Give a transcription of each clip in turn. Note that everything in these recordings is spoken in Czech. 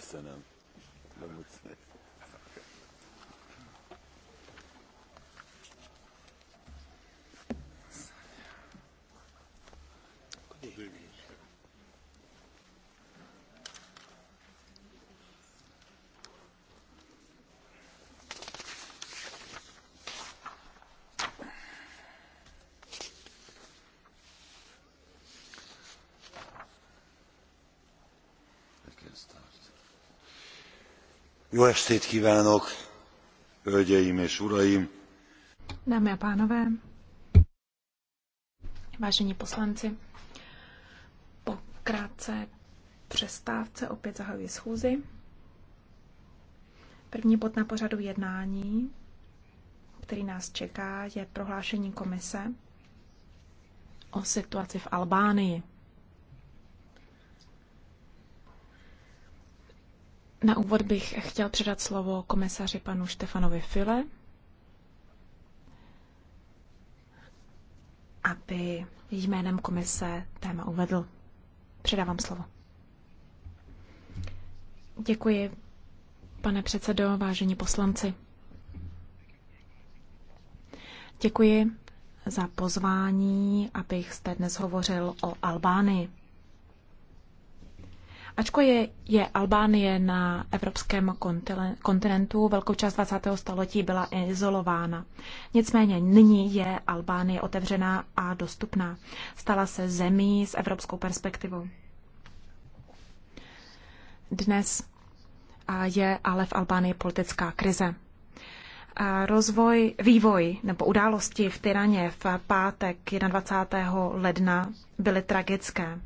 Köszönöm. Jó estét kívánok, hölgyeim és uraim! Dámy a pánové, vážení poslanci, po krátce přestávce opět zahajuji schůzi. První bod na pořadu jednání, který nás čeká, je prohlášení komise o situaci v Albánii. Na úvod bych chtěl předat slovo komisaři panu Štefanovi File, aby jménem komise téma uvedl. Předávám slovo. Děkuji, pane předsedo, vážení poslanci. Děkuji za pozvání, abych zde dnes hovořil o Albánii. Ačko je, je Albánie na evropském kontinentu, velkou část 20. století byla izolována. Nicméně nyní je Albánie otevřená a dostupná. Stala se zemí s evropskou perspektivou. Dnes je ale v Albánii politická krize. A rozvoj, vývoj nebo události v Tyraně v pátek 21. ledna byly tragické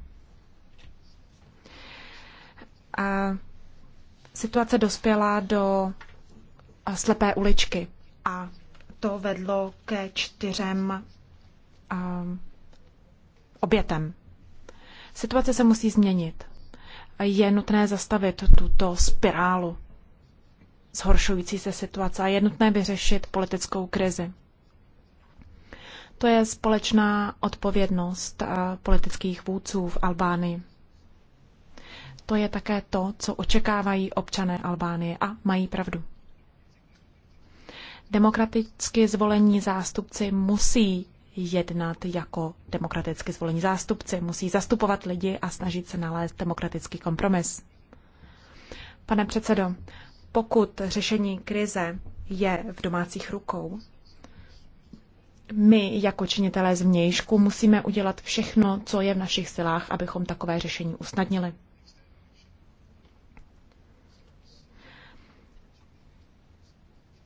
situace dospěla do slepé uličky a to vedlo ke čtyřem obětem. Situace se musí změnit. Je nutné zastavit tuto spirálu zhoršující se situace a je nutné vyřešit politickou krizi. To je společná odpovědnost politických vůdců v Albánii to je také to, co očekávají občané Albánie a mají pravdu. Demokraticky zvolení zástupci musí jednat jako demokraticky zvolení zástupci, musí zastupovat lidi a snažit se nalézt demokratický kompromis. Pane předsedo, pokud řešení krize je v domácích rukou, my jako činitelé zvnějšku musíme udělat všechno, co je v našich silách, abychom takové řešení usnadnili.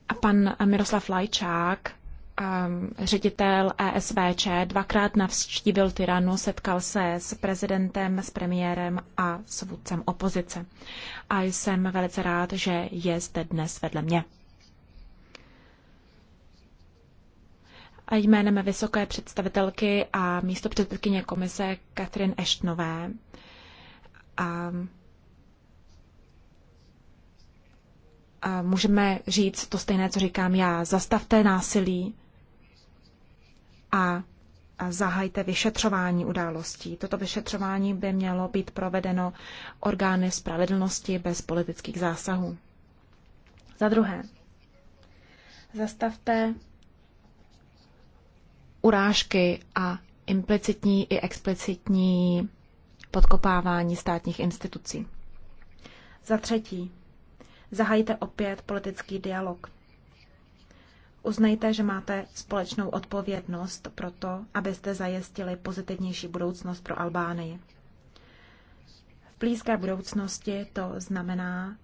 A Pan Miroslav Lajčák, ehm, ředitel ESVČ, dvakrát navštívil Tyranu, setkal se s prezidentem, s premiérem a s vůdcem opozice. A jsem velice rád, že je zde dnes vedle mě. A jménem vysoké představitelky a místo předsedkyně komise Katrin Eštnové a ehm, můžeme říct to stejné, co říkám já. Zastavte násilí a zahajte vyšetřování událostí. Toto vyšetřování by mělo být provedeno orgány spravedlnosti bez politických zásahů. Za druhé, zastavte urážky a implicitní i explicitní podkopávání státních institucí. Za třetí, Zahajte opět politický dialog. Uznejte, že máte společnou odpovědnost pro to, abyste zajistili pozitivnější budoucnost pro Albánii. V blízké budoucnosti to znamená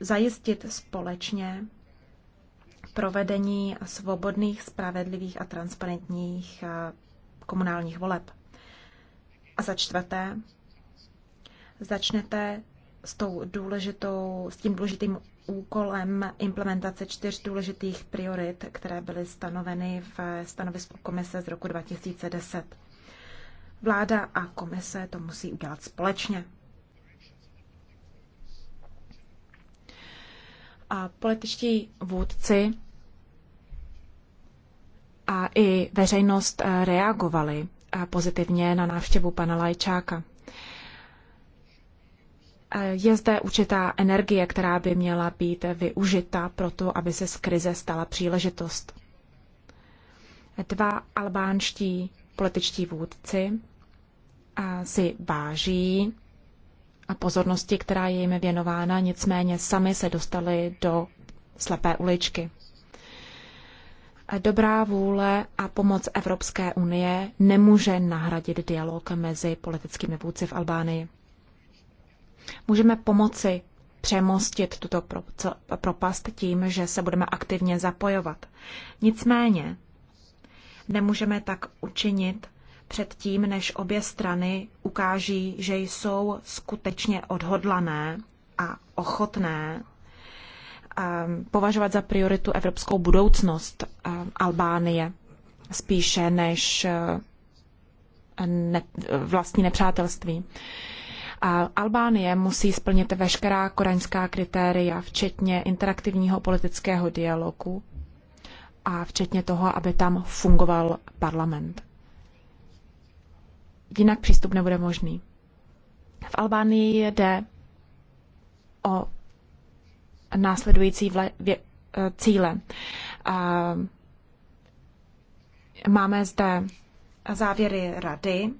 zajistit společně provedení svobodných, spravedlivých a transparentních eh, komunálních voleb. A za čtvrté, začnete s, tou důležitou, s tím důležitým úkolem implementace čtyř důležitých priorit, které byly stanoveny v stanovisku komise z roku 2010. Vláda a komise to musí udělat společně. A političtí vůdci a i veřejnost reagovali eh, pozitivně na návštěvu pana Lajčáka. Eh, je zde určitá energie, která by měla být využita pro to, aby se z krize stala příležitost. Dva albánští političtí vůdci eh, si váží a eh, pozornosti, která je jim věnována, nicméně sami se dostali do slepé uličky. Dobrá vůle a pomoc Evropské unie nemůže nahradit dialog mezi politickými vůdci v Albánii. Můžeme pomoci přemostit tuto propast tím, že se budeme aktivně zapojovat. Nicméně nemůžeme tak učinit před tím, než obě strany ukáží, že jsou skutečně odhodlané a ochotné ehm, považovat za prioritu evropskou budoucnost ehm, Albánie spíše než eh, vlastní nepřátelství. Albánie musí splnit veškerá koreňská kritéria, včetně interaktivního politického dialogu a včetně toho, aby tam fungoval parlament. Jinak přístup nebude možný. V Albánii jde o následující vle, vě, eh, cíle. Máme zde závěry rady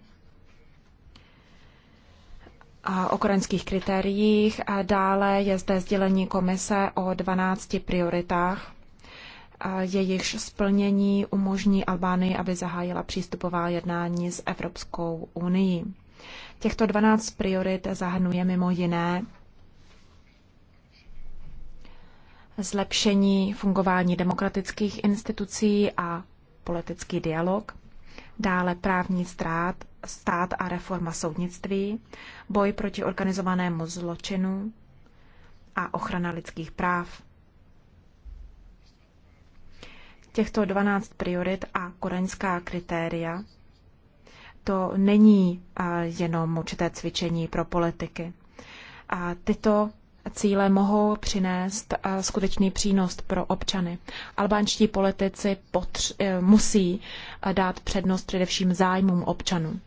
o koreňských kritériích. A dále je zde sdělení komise o 12 prioritách. Jejichž splnění umožní Albánii, aby zahájila přístupová jednání s Evropskou unii. Těchto 12 priorit zahrnuje mimo jiné zlepšení fungování demokratických institucí a politický dialog, dále právní strát, stát a reforma soudnictví, boj proti organizovanému zločinu a ochrana lidských práv. Těchto 12 priorit a koreňská kritéria to není jenom určité cvičení pro politiky. A tyto cíle mohou přinést skutečný přínos pro občany. Albánští politici e, musí dát přednost především zájmům občanů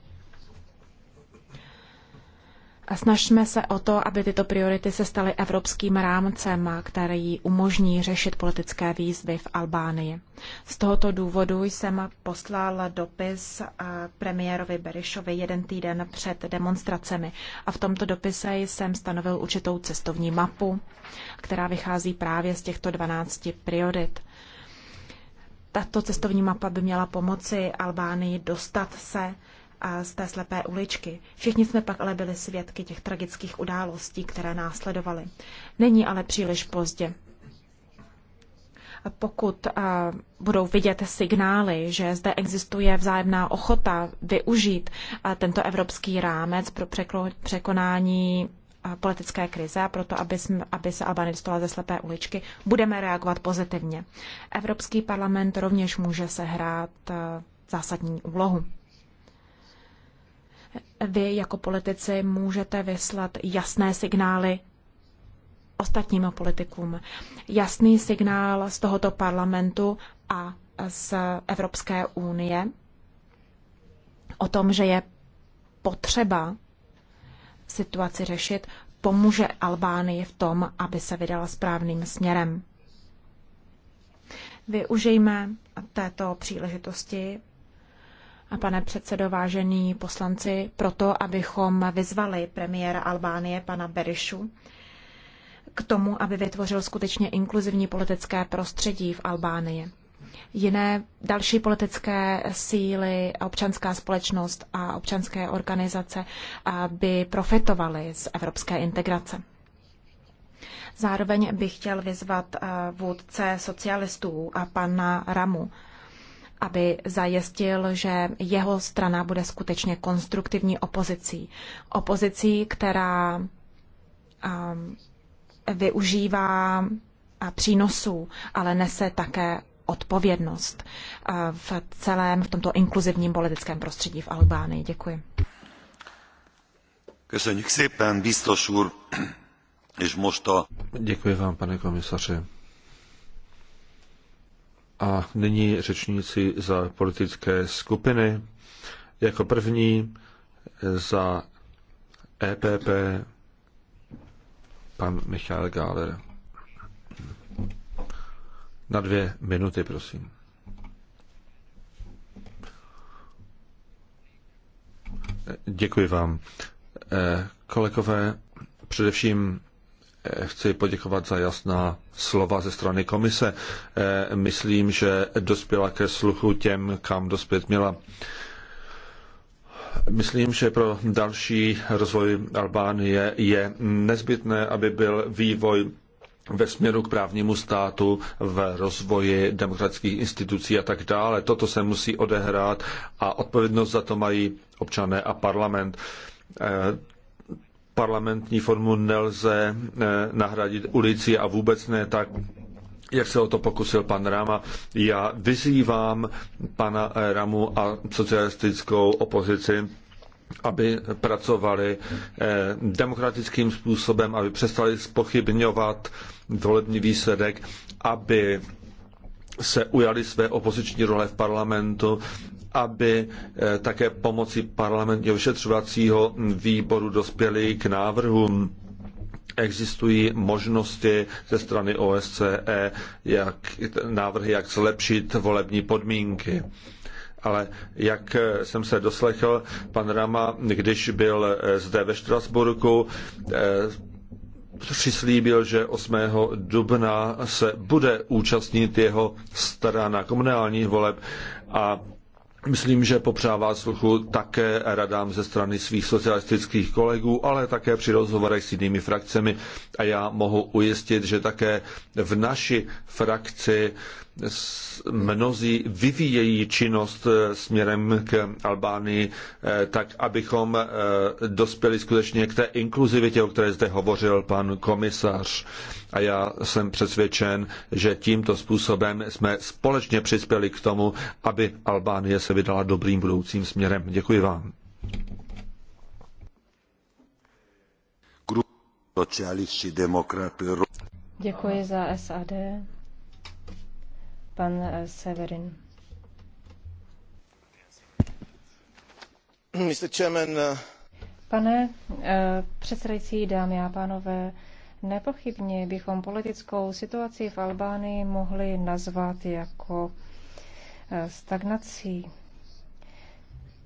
snažíme se o to, aby tyto priority se staly evropským rámcem, který umožní řešit politické výzvy v Albánii. Z tohoto důvodu jsem poslal dopis eh, premiérovi Berišovi jeden týden před demonstracemi a v tomto dopise jsem stanovil určitou cestovní mapu, která vychází právě z těchto 12 priorit. Tato cestovní mapa by měla pomoci Albánii dostat se z té slepé uličky. Všichni jsme pak ale byli svědky těch tragických událostí, které následovaly. Není ale příliš pozdě. Pokud eh, budou vidět signály, že zde existuje vzájemná ochota využít eh, tento evropský rámec pro překonání eh, politické krize a proto, aby, jsme, aby se Albany dostala ze slepé uličky, budeme reagovat pozitivně. Evropský parlament rovněž může sehrát zásadní úlohu vy jako politici můžete vyslat jasné signály ostatním politikům. Jasný signál z tohoto parlamentu a z Evropské unie o tom, že je potřeba situaci řešit, pomůže Albánii v tom, aby se vydala správným směrem. Využijme této příležitosti a pane předsedo, vážení poslanci, proto, abychom vyzvali premiéra Albánie, pana Berišu, k tomu, aby vytvořil skutečně inkluzivní politické prostředí v Albánii. Jiné další politické síly, občanská společnost a občanské organizace by profitovaly z evropské integrace. Zároveň bych chtěl vyzvat vůdce socialistů a pana Ramu, aby zajistil, že jeho strana bude skutečně konstruktivní opozicí. Opozicí, která um, využívá přínosů, ale nese také odpovědnost uh, v celém, v tomto inkluzivním politickém prostředí v Albánii. Děkuji. Děkuji vám, pane komisaři. A nyní řečníci za politické skupiny. Jako první za EPP pan Michal Gáler. Na dvě minuty, prosím. Děkuji vám. Eh, kolegové, především chci poděkovat za jasná slova ze strany komise. Eh, myslím, že dospěla ke sluchu těm, kam dospět měla. Myslím, že pro další rozvoj Albánie je nezbytné, aby byl vývoj ve směru k právnímu státu, v rozvoji demokratických institucí a tak dále. Toto se musí odehrát a odpovědnost za to mají občané a parlament eh, parlamentní formu nelze eh, nahradit ulici a vůbec ne tak, jak se o to pokusil pan Rama. Já vyzývám pana eh, Ramu a socialistickou opozici, aby pracovali eh, demokratickým způsobem, aby přestali spochybňovat volební výsledek, aby se ujali své opoziční role v parlamentu aby eh, také pomocí parlamentního vyšetřovacího výboru dospěli k návrhům. Existují možnosti ze strany OSCE, jak, návrhy, jak zlepšit volební podmínky ale jak eh, jsem se doslechl, pan Rama, když byl eh, zde ve Štrasburku, přislíbil, že 8. dubna se bude účastnit jeho strana komunálních voleb a Myslím, že popřává sluchu také radám ze strany svých socialistických kolegů, ale také při rozhovorech s jinými frakcemi. A já mohu ujistit, že také v naší frakci mnozí vyvíjejí činnost eh, směrem k Albánii, eh, tak abychom eh, dospěli skutečně k té inkluzivitě, o které zde hovořil pan komisař. A já jsem přesvědčen, že tímto způsobem jsme společně přispěli k tomu, aby Albánie se vydala dobrým budoucím směrem. Děkuji vám. Děkuji za SAD pan eh, Severin. Eh. Pane eh, předsedající, dámy a pánové, nepochybně bychom politickou situaci v Albánii mohli nazvat jako stagnací.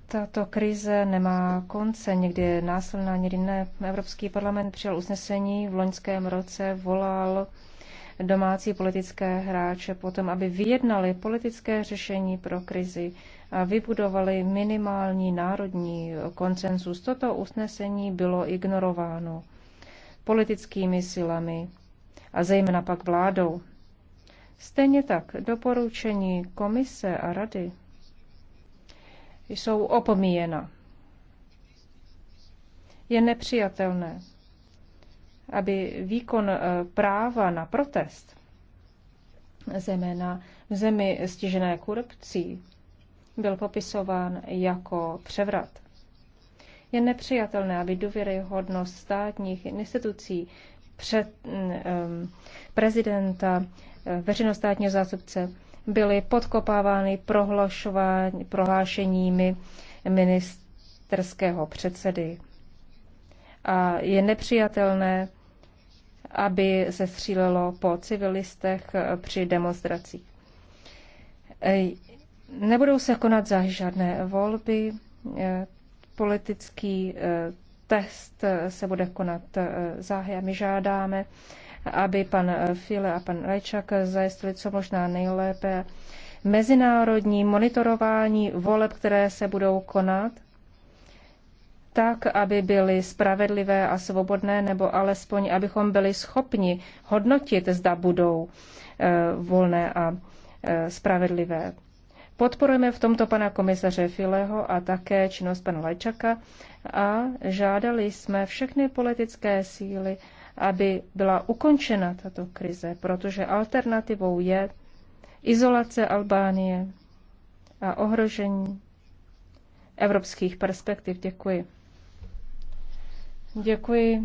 Tato krize nemá konce, někdy je násilná, někdy ne. Evropský parlament přijal usnesení, v loňském roce volal domácí politické hráče potom, aby vyjednali politické řešení pro krizi a vybudovali minimální národní konsensus. Toto usnesení bylo ignorováno politickými silami a zejména pak vládou. Stejně tak doporučení komise a rady jsou opomíjena. Je nepřijatelné, aby výkon eh, práva na protest, zejména v zemi stižené korupcí, byl popisován jako převrat. Je nepřijatelné, aby důvěryhodnost státních institucí před um, prezidenta, eh, veřejnostátního zástupce byly podkopávány prohlášeními ministerského předsedy. A je nepřijatelné, aby se střílelo po civilistech eh, při demonstracích. Nebudou se konat za žádné volby, eh, politický eh, test se bude konat záhy a my žádáme, aby pan File a pan Rajčak zajistili co možná nejlépe mezinárodní monitorování voleb, které se budou konat tak, aby byly spravedlivé a svobodné, nebo alespoň, abychom byli schopni hodnotit, zda budou eh, volné a eh, spravedlivé. Podporujeme v tomto pana komisaře Fileho a také činnost pana Lajčaka a žádali jsme všechny politické síly, aby byla ukončena tato krize, protože alternativou je izolace Albánie a ohrožení evropských perspektiv. Děkuji. Děkuji.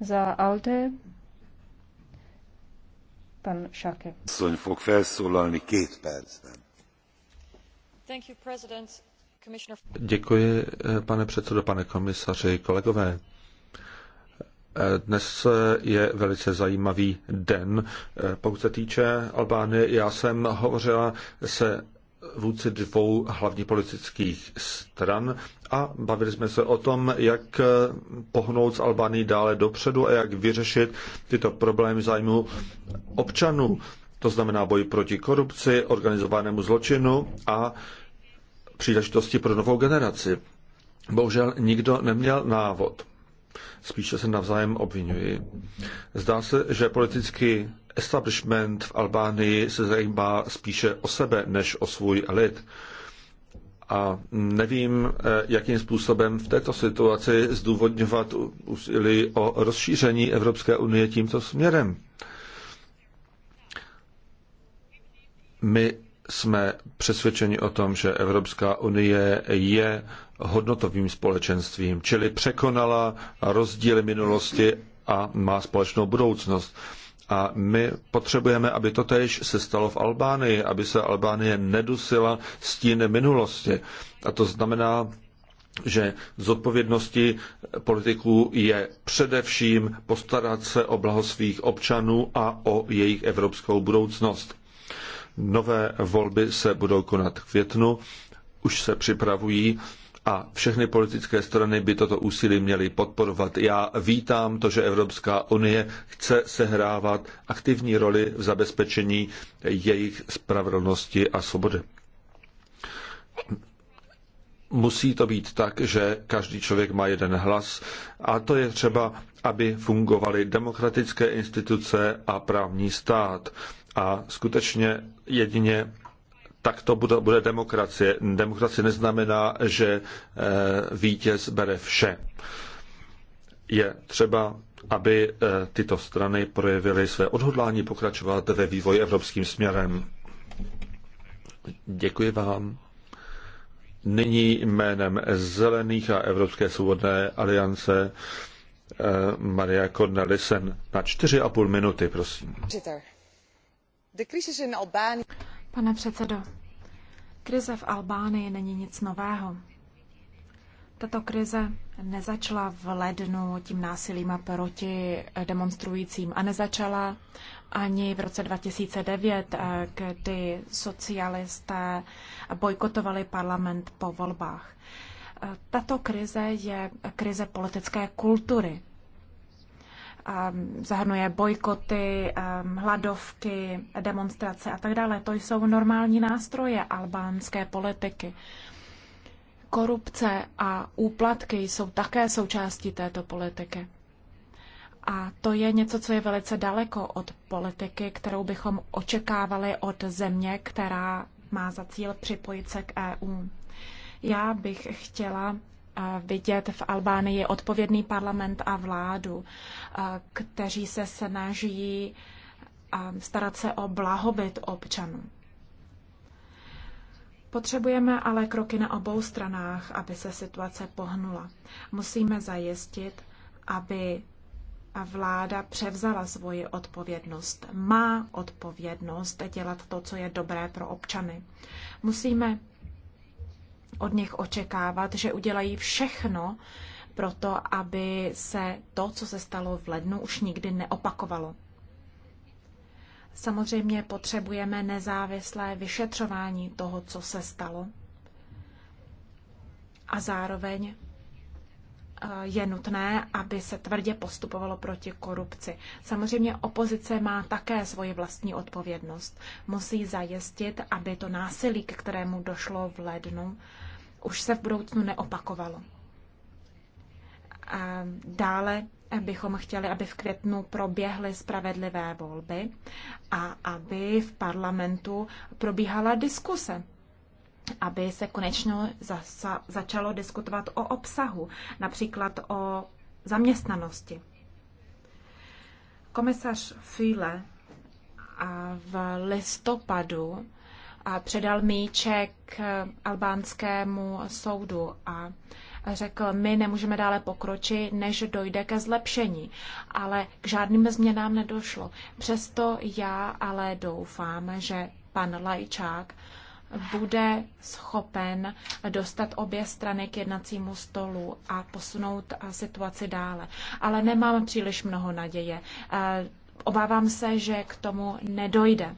Za ALDE pan Šake. két Děkuji, eh, pane předsedo, pane komisaři, kolegové. Eh, dnes eh, je velice zajímavý den. Pokud se týče Albánie, já jsem hovořila se vůdci dvou hlavních politických stran a bavili jsme se o tom, jak pohnout z Albánii dále dopředu a jak vyřešit tyto problémy zájmu občanů. To znamená boj proti korupci, organizovanému zločinu a příležitosti pro novou generaci. Bohužel nikdo neměl návod spíše se navzájem obvinují. Zdá se, že politický establishment v Albánii se zajímá spíše o sebe než o svůj lid. A nevím, eh, jakým způsobem v této situaci zdůvodňovat úsilí o rozšíření Evropské unie tímto směrem. My jsme přesvědčeni o tom, že Evropská unie je hodnotovým společenstvím, čili překonala rozdíly minulosti a má společnou budoucnost. A my potřebujeme, aby to tež se stalo v Albánii, aby se Albánie nedusila stíny minulosti. A to znamená, že z odpovědnosti politiků je především postarat se o blaho svých občanů a o jejich evropskou budoucnost. Nové volby se budou konat v květnu, už se připravují a všechny politické strany by toto úsilí měly podporovat. Já vítám to, že Evropská unie chce sehrávat aktivní roli v zabezpečení jejich spravedlnosti a svobody. Musí to být tak, že každý člověk má jeden hlas a to je třeba, aby fungovaly demokratické instituce a právní stát. A skutečně jedině tak to bude, bude demokracie. Demokracie neznamená, že eh, vítěz bere vše. Je třeba, aby eh, tyto strany projevily své odhodlání pokračovat ve vývoji evropským směrem. Děkuji vám. Nyní jménem Zelených a Evropské svobodné aliance eh, Maria Kornelisen na 4,5 minuty, prosím. Přitar. Pane předsedo, krize v Albánii není nic nového. Tato krize nezačala v lednu tím násilím proti demonstrujícím a nezačala ani v roce 2009, kdy socialisté bojkotovali parlament po volbách. Tato krize je krize politické kultury zahrnuje bojkoty, hladovky, demonstrace a tak dále. To jsou normální nástroje albánské politiky. Korupce a úplatky jsou také součástí této politiky. A to je něco, co je velice daleko od politiky, kterou bychom očekávali od země, která má za cíl připojit se k EU. Já bych chtěla vidět v Albánii odpovědný parlament a vládu, kteří se snaží starat se o blahobyt občanů. Potřebujeme ale kroky na obou stranách, aby se situace pohnula. Musíme zajistit, aby vláda převzala svoji odpovědnost. Má odpovědnost dělat to, co je dobré pro občany. Musíme od nich očekávat, že udělají všechno pro to, aby se to, co se stalo v lednu, už nikdy neopakovalo. Samozřejmě potřebujeme nezávislé vyšetřování toho, co se stalo. A zároveň Eh, je nutné, aby se tvrdě postupovalo proti korupci. Samozřejmě opozice má také svoji vlastní odpovědnost. Musí zajistit, aby to násilí, k kterému došlo v lednu, už se v budoucnu neopakovalo. A eh, dále bychom chtěli, aby v květnu proběhly spravedlivé volby a aby v parlamentu probíhala diskuse aby se konečně začalo diskutovat o obsahu, například o zaměstnanosti. Komisař Füle v listopadu předal míček eh, albánskému soudu a řekl, my nemůžeme dále pokročit, než dojde ke zlepšení. Ale k žádným změnám nedošlo. Přesto já ale doufám, že pan Lajčák bude schopen dostat obě strany k jednacímu stolu a posunout eh, situaci dále. Ale nemám příliš mnoho naděje. Eh, obávám se, že k tomu nedojde.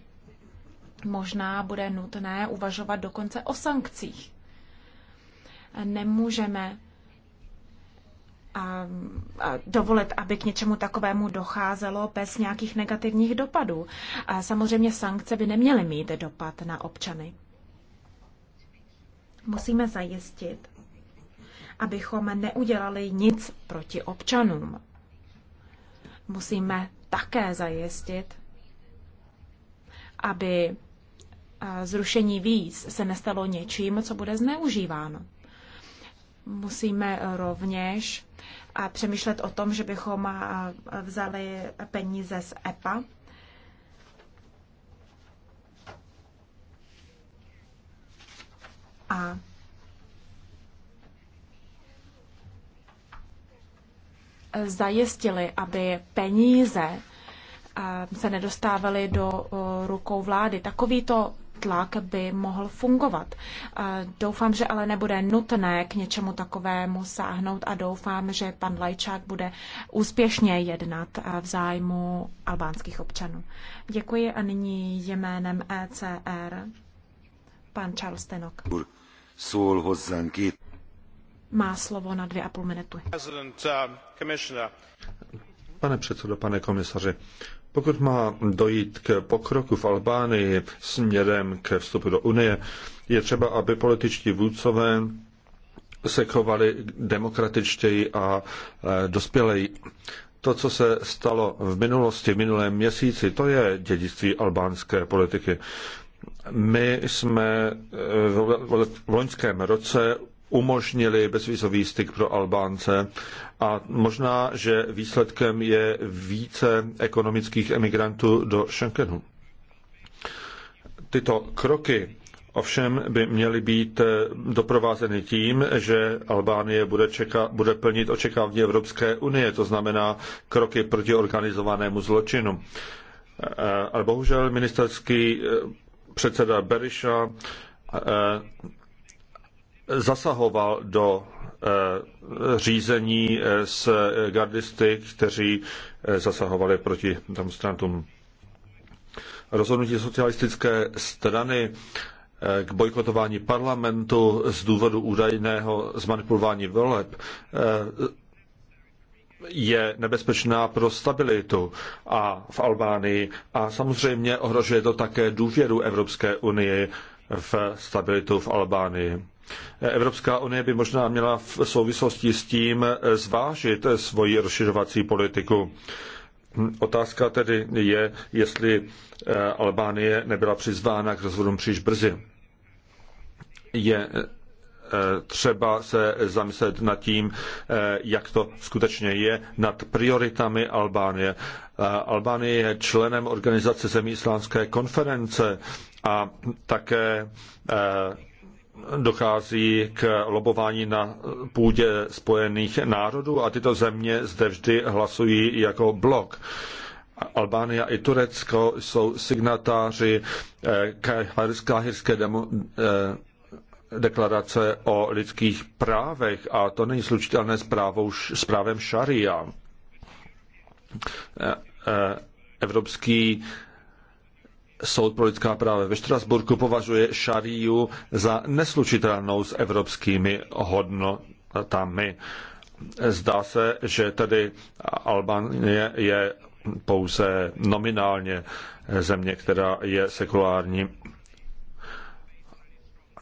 Možná bude nutné uvažovat dokonce o sankcích. Nemůžeme a, eh, a dovolit, aby k něčemu takovému docházelo bez nějakých negativních dopadů. A samozřejmě sankce by neměly mít dopad na občany. Musíme zajistit, abychom neudělali nic proti občanům. Musíme také zajistit, aby eh, zrušení víz se nestalo něčím, co bude zneužíváno. Musíme rovněž eh, přemýšlet o tom, že bychom eh, vzali peníze z EPA A zajistili, aby peníze eh, se nedostávaly do eh, rukou vlády. Takovýto tlak by mohl fungovat. Eh, doufám, že ale nebude nutné k něčemu takovému sáhnout a doufám, že pan Lajčák bude úspěšně jednat v zájmu albánských občanů. Děkuji a nyní jménem ECR pan Charles Tenok szól hozzánk itt. Má slovo na dvě a půl minutu. Uh, pane předsedo, pane komisaři, pokud má dojít k pokroku v Albánii směrem k vstupu do Unie, je třeba, aby političtí vůdcové se chovali demokratičtěji a eh, dospěleji. To, co se stalo v minulosti, v minulém měsíci, to je dědictví albánské politiky. My jsme eh, v loňském roce umožnili bezvízový styk pro Albánce a možná, že výsledkem je více ekonomických emigrantů do Schengenu. Tyto kroky ovšem by měly být eh, doprovázeny tím, že Albánie bude, čeka, bude plnit očekávání Evropské unie, to znamená kroky proti organizovanému zločinu. Eh, ale bohužel ministerský předseda Beriša eh, zasahoval do eh, řízení eh, s gardisty, kteří zasahovali proti demonstrantům. Rozhodnutí socialistické strany k bojkotování parlamentu z důvodu údajného zmanipulování voleb je nebezpečná pro stabilitu a v Albánii a samozřejmě ohrožuje to také důvěru Evropské unie v stabilitu v Albánii. Evropská unie by možná měla v souvislosti s tím zvážit svoji rozšiřovací politiku. Otázka tedy je, jestli eh, Albánie nebyla přizvána k rozvodům příliš brzy. Je třeba se zamyslet nad tím, eh, jak to skutečně je, nad prioritami Albánie. Eh, Albánie je členem organizace zemí islámské konference a také eh, dochází k lobování na půdě spojených národů a tyto země zde vždy hlasují jako blok. Albánie i Turecko jsou signatáři kahirské demo, deklarace o lidských právech a to není slučitelné s, právou, s právem šaria. E, e, Evropský soud pro lidská práva ve Štrasburku považuje šariu za neslučitelnou s evropskými hodnotami. Zdá se, že tedy Albánie je pouze nominálně země, která je sekulární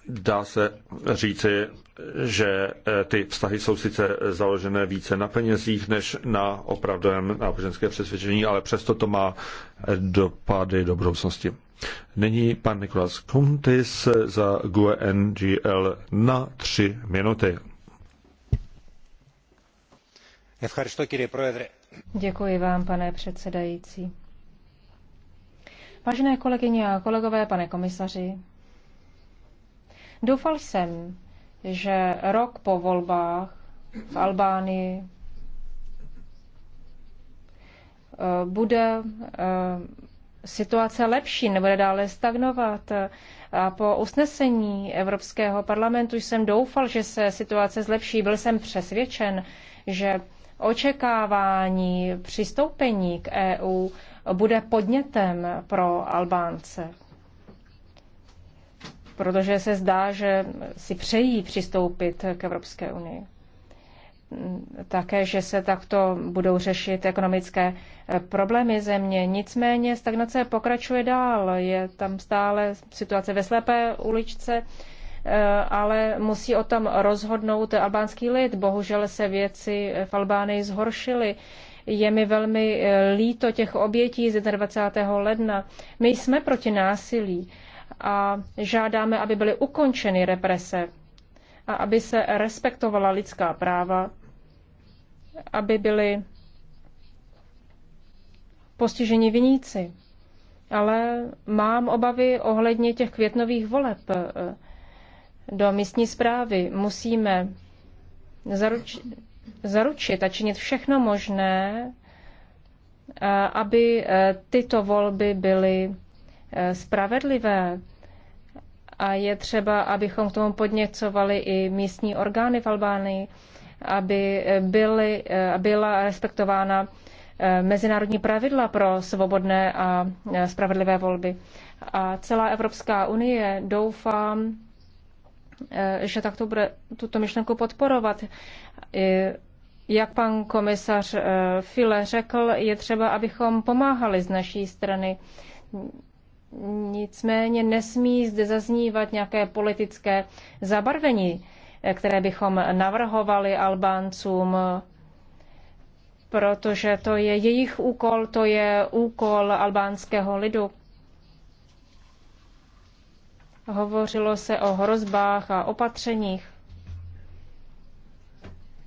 Dá se říci, že e, ty vztahy jsou sice založené více na penězích než na opravdovém náboženské přesvědčení, ale přesto to má dopady do budoucnosti. Nyní pan Nikolas Kuntis za GUE NGL na tři minuty. Děkuji vám, pane předsedající. Vážené kolegyně a kolegové, pane komisaři, Doufal jsem, že rok po volbách v Albánii eh, bude eh, situace lepší, nebude dále stagnovat. A po usnesení Evropského parlamentu jsem doufal, že se situace zlepší. Byl jsem přesvědčen, že očekávání přistoupení k EU bude podnětem pro Albánce protože se zdá, že si přejí přistoupit k Evropské unii. Také, že se takto budou řešit ekonomické eh, problémy země. Nicméně stagnace pokračuje dál. Je tam stále situace ve slepé uličce, eh, ale musí o tom rozhodnout albánský lid. Bohužel se věci v Albánii zhoršily. Je mi velmi eh, líto těch obětí ze 20. ledna. My jsme proti násilí, a žádáme, aby byly ukončeny represe a aby se respektovala lidská práva, aby byly postiženi viníci. Ale mám obavy ohledně těch květnových voleb eh, do místní zprávy. Musíme zaruč, zaručit a činit všechno možné, eh, aby eh, tyto volby byly Eh, spravedlivé. A je třeba, abychom k tomu podněcovali i místní orgány v Albánii, aby eh, byly, eh, byla respektována mezinárodní pravidla pro svobodné a spravedlivé volby. A celá Evropská unie, doufám, že takto bude tuto myšlenku podporovat. Jak pan komisař File řekl, je třeba, abychom pomáhali z naší strany Nicméně nesmí zde zaznívat nějaké politické zabarvení, eh, které bychom navrhovali Albáncům, protože to je jejich úkol, to je úkol albánského lidu. Hovořilo se o hrozbách a opatřeních,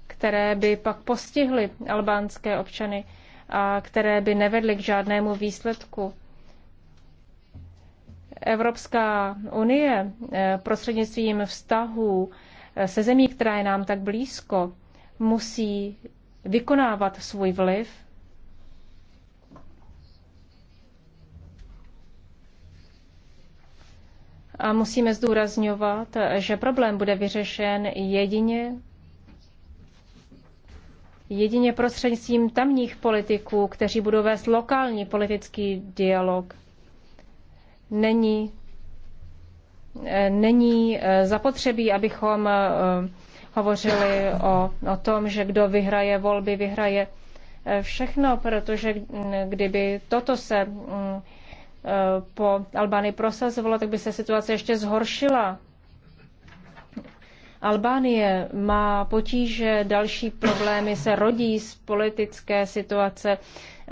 které by pak postihly albánské občany a které by nevedly k žádnému výsledku. Evropská unie eh, prostřednictvím vztahů eh, se zemí, která je nám tak blízko, musí vykonávat svůj vliv a musíme zdůrazňovat, že problém bude vyřešen jedině jedině prostřednictvím tamních politiků, kteří budou vést lokální politický dialog není, eh, není eh, zapotřebí, abychom eh, hovořili o, o tom, že kdo vyhraje volby, vyhraje všechno, protože mm, kdyby toto se mm, po Albány prosazovalo, tak by se situace ještě zhoršila. Albánie má potíže, další problémy se rodí z politické situace,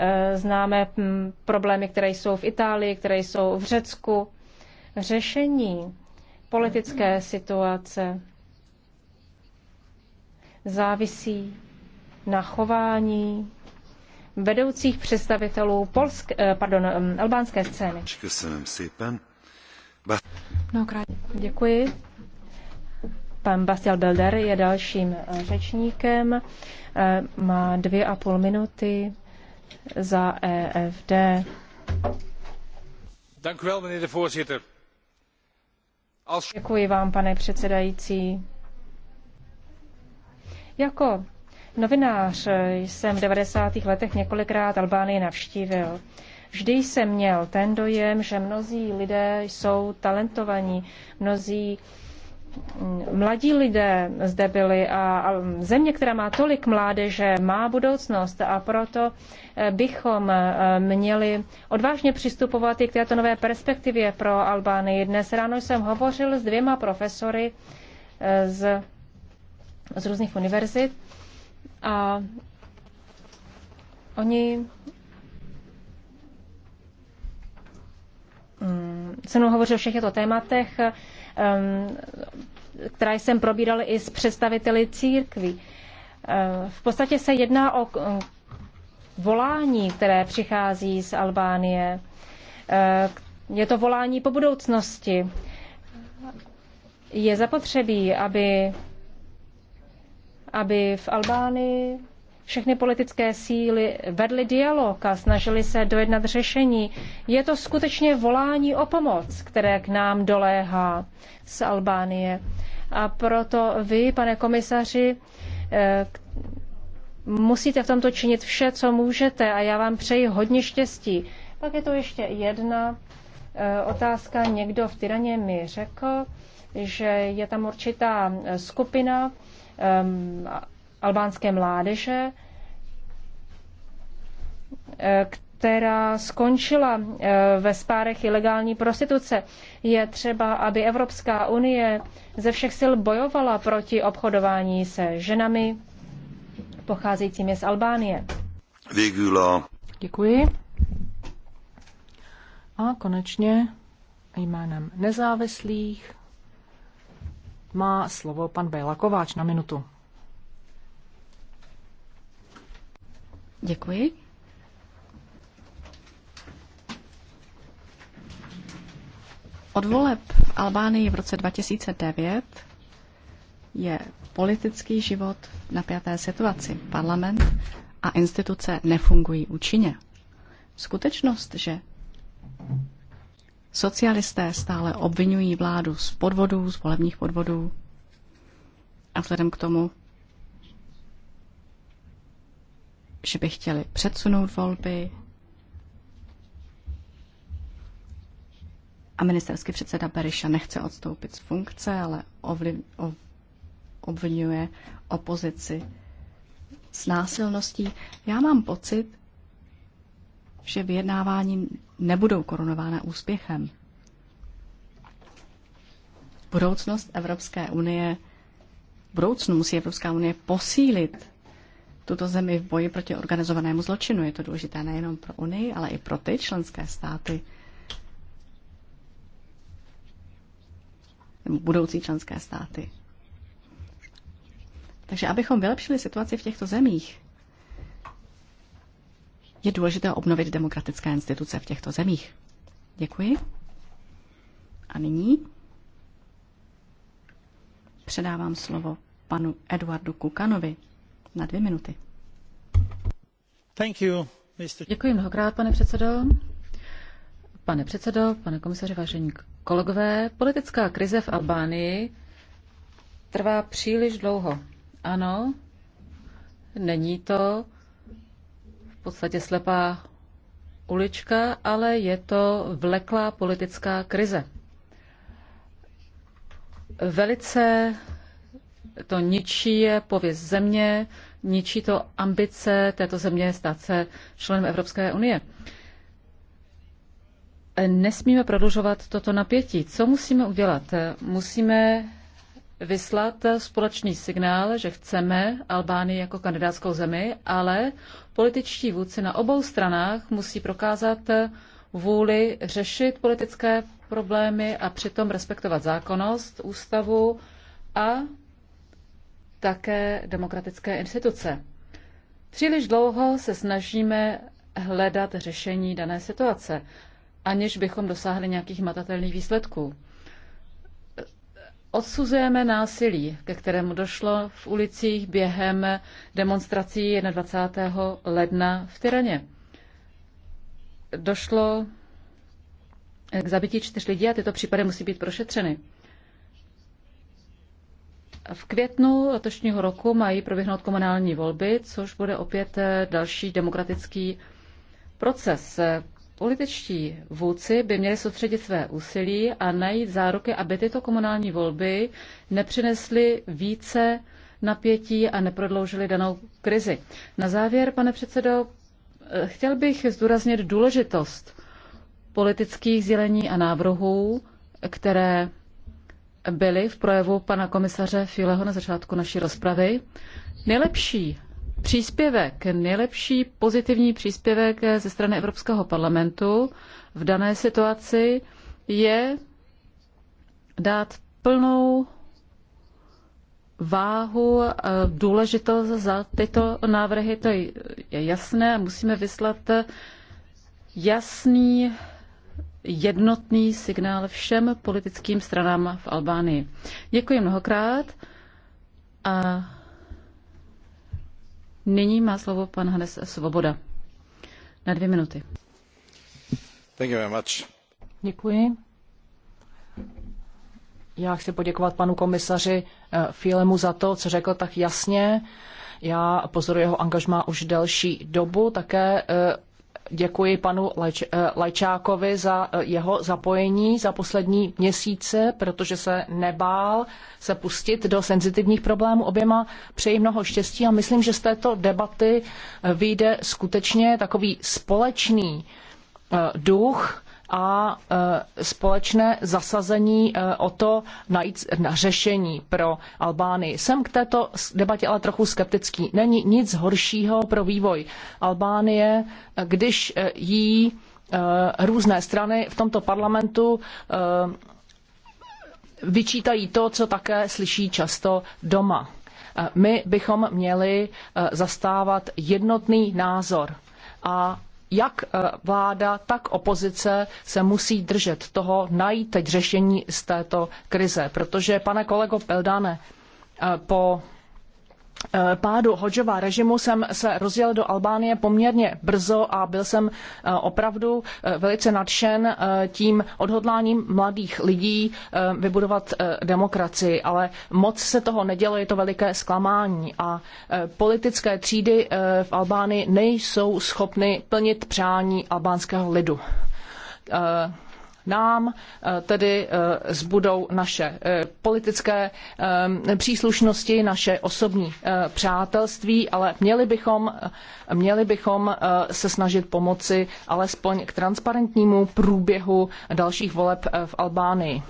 Eh, známe hm, problémy, které jsou v Itálii, které jsou v Řecku. Řešení politické situace závisí na chování vedoucích představitelů polsk, eh, pardon, hm, albánské scény. No, děkuji. Pan Bastial Belder je dalším eh, řečníkem. Má dvě a půl minuty za EFD. Děkuji vám, pane předsedající. Jako novinář jsem v 90. letech několikrát Albánii navštívil. Vždy jsem měl ten dojem, že mnozí lidé jsou talentovaní, mnozí mladí lidé zde byli a, země, která má tolik mládeže, má budoucnost a proto eh, bychom eh, měli odvážně přistupovat i k této nové perspektivě pro Albány. Dnes ráno jsem hovořil s dvěma profesory eh, z, z různých univerzit a oni mm, se mnou hovořili o všech těchto tématech. Um, která jsem probíral i s představiteli církví. Um, v podstatě se jedná o um, volání, které přichází z Albánie. Uh, je to volání po budoucnosti. Je zapotřebí, aby, aby v Albánii všechny politické síly vedly dialog a snažili se dojednat řešení. Je to skutečně volání o pomoc, které k nám doléhá z Albánie. A proto vy, pane komisaři, eh, musíte v tomto činit vše, co můžete a já vám přeji hodně štěstí. Pak je to ještě jedna eh, otázka. Někdo v Tyraně mi řekl, že je tam určitá eh, skupina ehm, albánské mládeže, eh, která skončila eh, ve spárech ilegální prostituce. Je třeba, aby Evropská unie ze všech sil bojovala proti obchodování se ženami pocházejícími z Albánie. Vigula. Děkuji. A konečně jménem nezávislých má slovo pan Bela Kováč na minutu. Děkuji. Od voleb v Albánii v roce 2009 je politický život v napjaté situaci. Parlament a instituce nefungují účinně. Skutečnost, že socialisté stále obvinují vládu z podvodů, z volebních podvodů a vzhledem k tomu že by chtěli předsunout volby. A ministerský předseda Beriša nechce odstoupit z funkce, ale ovliv, ov, obvinuje opozici s násilností. Já mám pocit, že vyjednávání nebudou korunována úspěchem. Budoucnost Evropské unie, budoucnu musí Evropská unie posílit tuto zemi v boji proti organizovanému zločinu. Je to důležité nejenom pro Unii, ale i pro ty členské státy, nebo budoucí členské státy. Takže abychom vylepšili situaci v těchto zemích, je důležité obnovit demokratické instituce v těchto zemích. Děkuji. A nyní předávám slovo panu Eduardu Kukanovi, na dvě minuty. Děkuji mnohokrát, pane předsedo. Pane předsedo, pane komisaři, vážení kolegové, politická krize v Albánii trvá příliš dlouho. Ano, není to v podstatě slepá ulička, ale je to vleklá politická krize. Velice to ničí je pověst země, ničí to ambice této země stát se členem Evropské unie. Nesmíme prodlužovat toto napětí. Co musíme udělat? Musíme vyslat společný signál, že chceme Albánii jako kandidátskou zemi, ale političtí vůdci na obou stranách musí prokázat vůli řešit politické problémy a přitom respektovat zákonnost, ústavu a také demokratické instituce. Příliš dlouho se snažíme hledat řešení dané situace, aniž bychom dosáhli nějakých matatelných výsledků. Odsuzujeme násilí, ke kterému došlo v ulicích během demonstrací 21. ledna v Tyraně. Došlo k zabití čtyř lidí a tyto případy musí být prošetřeny. V květnu letošního roku mají proběhnout komunální volby, což bude opět eh, další demokratický proces. Političtí vůdci by měli soustředit své úsilí a najít záruky, aby tyto komunální volby nepřinesly více napětí a neprodloužily danou krizi. Na závěr, pane předsedo, eh, chtěl bych zdůraznit důležitost politických sdělení a návrhů, které byly v projevu pana komisaře Fileho na začátku naší rozpravy. Nejlepší příspěvek, nejlepší pozitivní příspěvek ze strany Evropského parlamentu v dané situaci je dát plnou váhu, eh, důležitost za tyto návrhy, to je jasné. Musíme vyslat jasný jednotný signál všem politickým stranám v Albánii. Děkuji mnohokrát a nyní má slovo pan Hanes Svoboda na dvě minuty. Thank you very much. Děkuji. Já chci poděkovat panu komisaři eh, Fielemu za to, co řekl tak jasně. Já pozoruji jeho angažmá už delší dobu, také eh, Děkuji panu Leč, eh, Lečákovi za eh, jeho zapojení za poslední měsíce, protože se nebál se pustit do senzitivních problémů. Oběma přeji mnoho štěstí a myslím, že z této debaty eh, vyjde skutečně takový společný duch, a e, společné zasazení e, o to najít na řešení pro Albánii. Jsem k této debatě ale trochu skeptický. Není nic horšího pro vývoj Albánie, když e, jí různé strany v tomto parlamentu vyčítají to, co také slyší často doma. My bychom měli zastávat jednotný názor a jak eh, vláda, tak opozice se musí držet toho najít teď řešení z této krize. Protože, pane kolego Peldane, eh, po Eh, pádu Hodžova režimu jsem se rozjel do Albánie poměrně brzo a byl jsem eh, opravdu eh, velice nadšen tím odhodláním mladých lidí vybudovat demokracii, ale moc se toho nedělo, je to veliké zklamání a politické třídy v Albánii nejsou schopny plnit přání albánského lidu nám, eh, tedy eh, zbudou naše eh, politické příslušnosti, naše osobní přátelství, ale měli bychom, měli bychom se snažit pomoci alespoň k transparentnímu průběhu dalších voleb v Albánii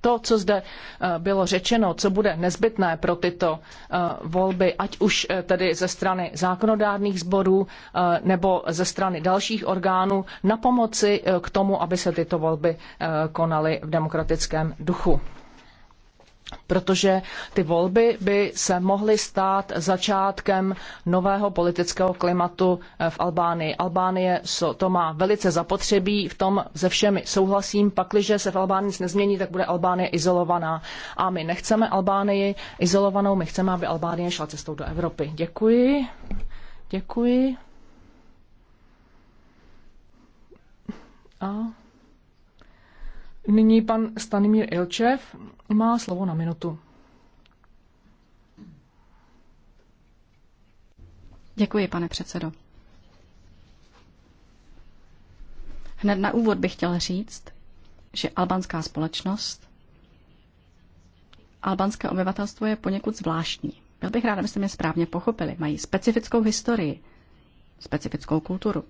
to, co zde eh, bylo řečeno, co bude nezbytné pro tyto eh, volby, ať už eh, tedy ze strany zákonodárných sborů nebo ze strany dalších orgánů, na pomoci k tomu, aby se tyto volby konaly v demokratickém duchu protože ty volby by se mohly stát začátkem nového politického klimatu eh, v Albánii. Albánie to má velice zapotřebí, v tom se všemi souhlasím, pakliže se v Albánii nic nezmění, tak bude Albánie izolovaná. A my nechceme Albánii izolovanou, my chceme, aby Albánie šla cestou do Evropy. Děkuji. Děkuji. A nyní pan Stanimír Ilčev má slovo na minutu. Děkuji, pane předsedo. Hned na úvod bych chtěl říct, že albánská společnost, albánské obyvatelstvo je poněkud zvláštní. Byl bych rád, abyste mě správně pochopili. Mají specifickou historii, specifickou kulturu.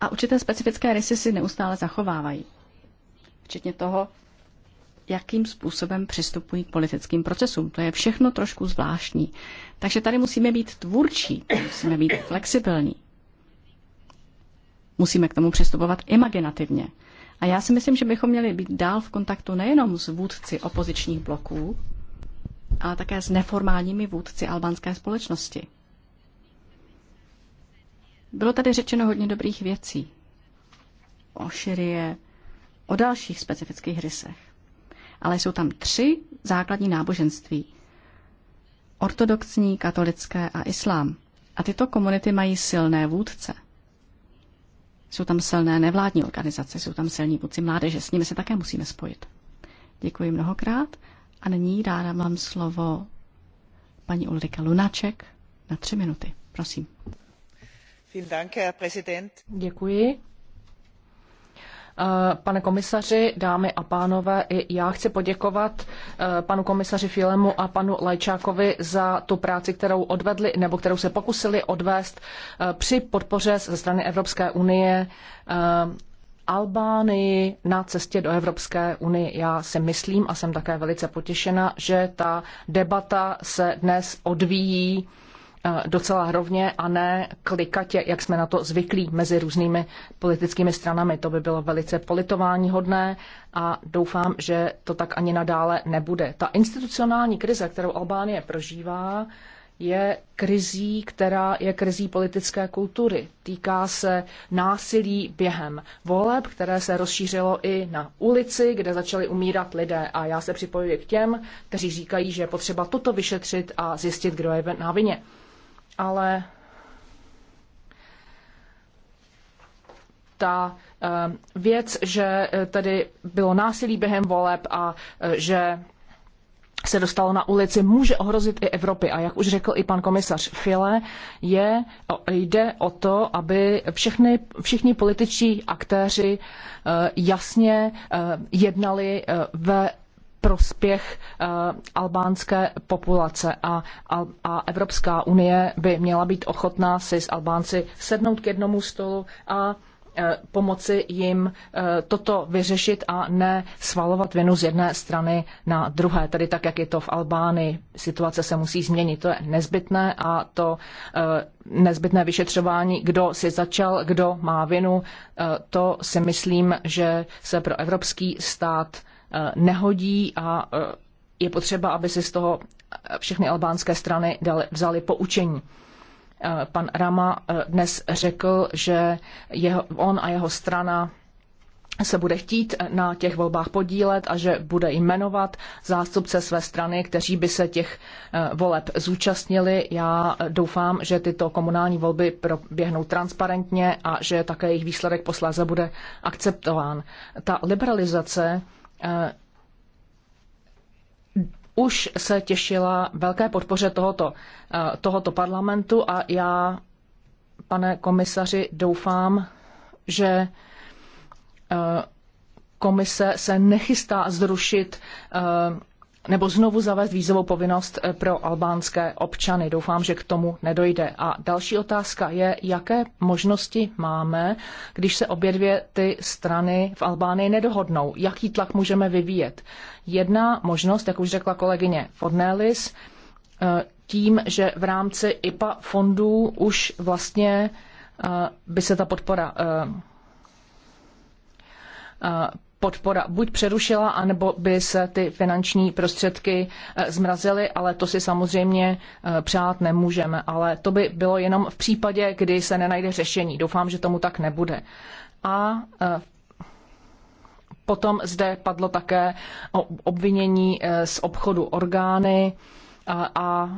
A určité specifické rysy si neustále zachovávají včetně toho, jakým způsobem přistupují k politickým procesům. To je všechno trošku zvláštní. Takže tady musíme být tvůrčí, musíme být flexibilní. Musíme k tomu přistupovat imaginativně. A já si myslím, že bychom měli být dál v kontaktu nejenom s vůdci opozičních bloků, ale také s neformálními vůdci albánské společnosti. Bylo tady řečeno hodně dobrých věcí. O Širie, o dalších specifických rysech. Ale jsou tam tři základní náboženství. Ortodoxní, katolické a islám. A tyto komunity mají silné vůdce. Jsou tam silné nevládní organizace, jsou tam silní vůdci mládeže, s nimi se také musíme spojit. Děkuji mnohokrát a nyní ráda vám slovo paní Ulrika Lunaček na tři minuty. Prosím. Děkuji. Pane komisaři, dámy a pánové, i já chci poděkovat e, panu komisaři Filemu a panu Lajčákovi za tu práci, kterou odvedli nebo kterou se pokusili odvést e, při podpoře ze strany Evropské unie e, Albánii na cestě do Evropské unie. Já si myslím a jsem také velice potěšena, že ta debata se dnes odvíjí Eh, docela rovně a ne klikatě, jak jsme na to zvyklí mezi různými politickými stranami. To by bylo velice politování hodné a doufám, že to tak ani nadále nebude. Ta institucionální krize, kterou Albánie prožívá, je krizí, která je krizí politické kultury. Týká se násilí během voleb, které se rozšířilo i na ulici, kde začaly umírat lidé. A já se připojuji k těm, kteří říkají, že je potřeba toto vyšetřit a zjistit, kdo je na vině ale ta eh, věc, že eh, tady bylo násilí během voleb a eh, že se dostalo na ulici, může ohrozit i Evropy. A jak už řekl i pan komisař File, je, jde o to, aby všechny, všichni političtí aktéři jasně jednali ve prospěch eh, albánské populace a, a, a, Evropská unie by měla být ochotná si s Albánci sednout k jednomu stolu a eh, pomoci jim eh, toto vyřešit a ne svalovat vinu z jedné strany na druhé. Tedy tak, jak je to v Albánii, situace se musí změnit. To je nezbytné a to nezbytné vyšetřování, kdo si začal, kdo má vinu, to si myslím, že se pro evropský stát Eh, nehodí a eh, je potřeba, aby si z toho všechny albánské strany vzali poučení. Eh, pan Rama dnes řekl, že jeho, on a jeho strana se bude chtít na těch volbách podílet a že bude jmenovat zástupce své strany, kteří by se těch voleb zúčastnili. Já doufám, že tyto komunální volby proběhnou transparentně a že také jejich výsledek posléze bude akceptován. Ta liberalizace Eh, už se těšila velké podpoře tohoto, eh, tohoto parlamentu a já, pane komisaři, doufám, že eh, komise se nechystá zrušit nebo znovu zavést vízovou povinnost eh, pro albánské občany. Doufám, že k tomu nedojde. A další otázka je, jaké možnosti máme, když se obě dvě ty strany v Albánii nedohodnou. Jaký tlak můžeme vyvíjet? Jedna možnost, jak už řekla kolegyně Fornelis, eh, tím, že v rámci IPA fondů už vlastně eh, by se ta podpora podpora buď přerušila, anebo by se ty finanční prostředky eh, zmrazily, ale to si samozřejmě eh, přát nemůžeme. Ale to by bylo jenom v případě, kdy se nenajde řešení. Doufám, že tomu tak nebude. A eh, potom zde padlo také obvinění z obchodu orgány a, a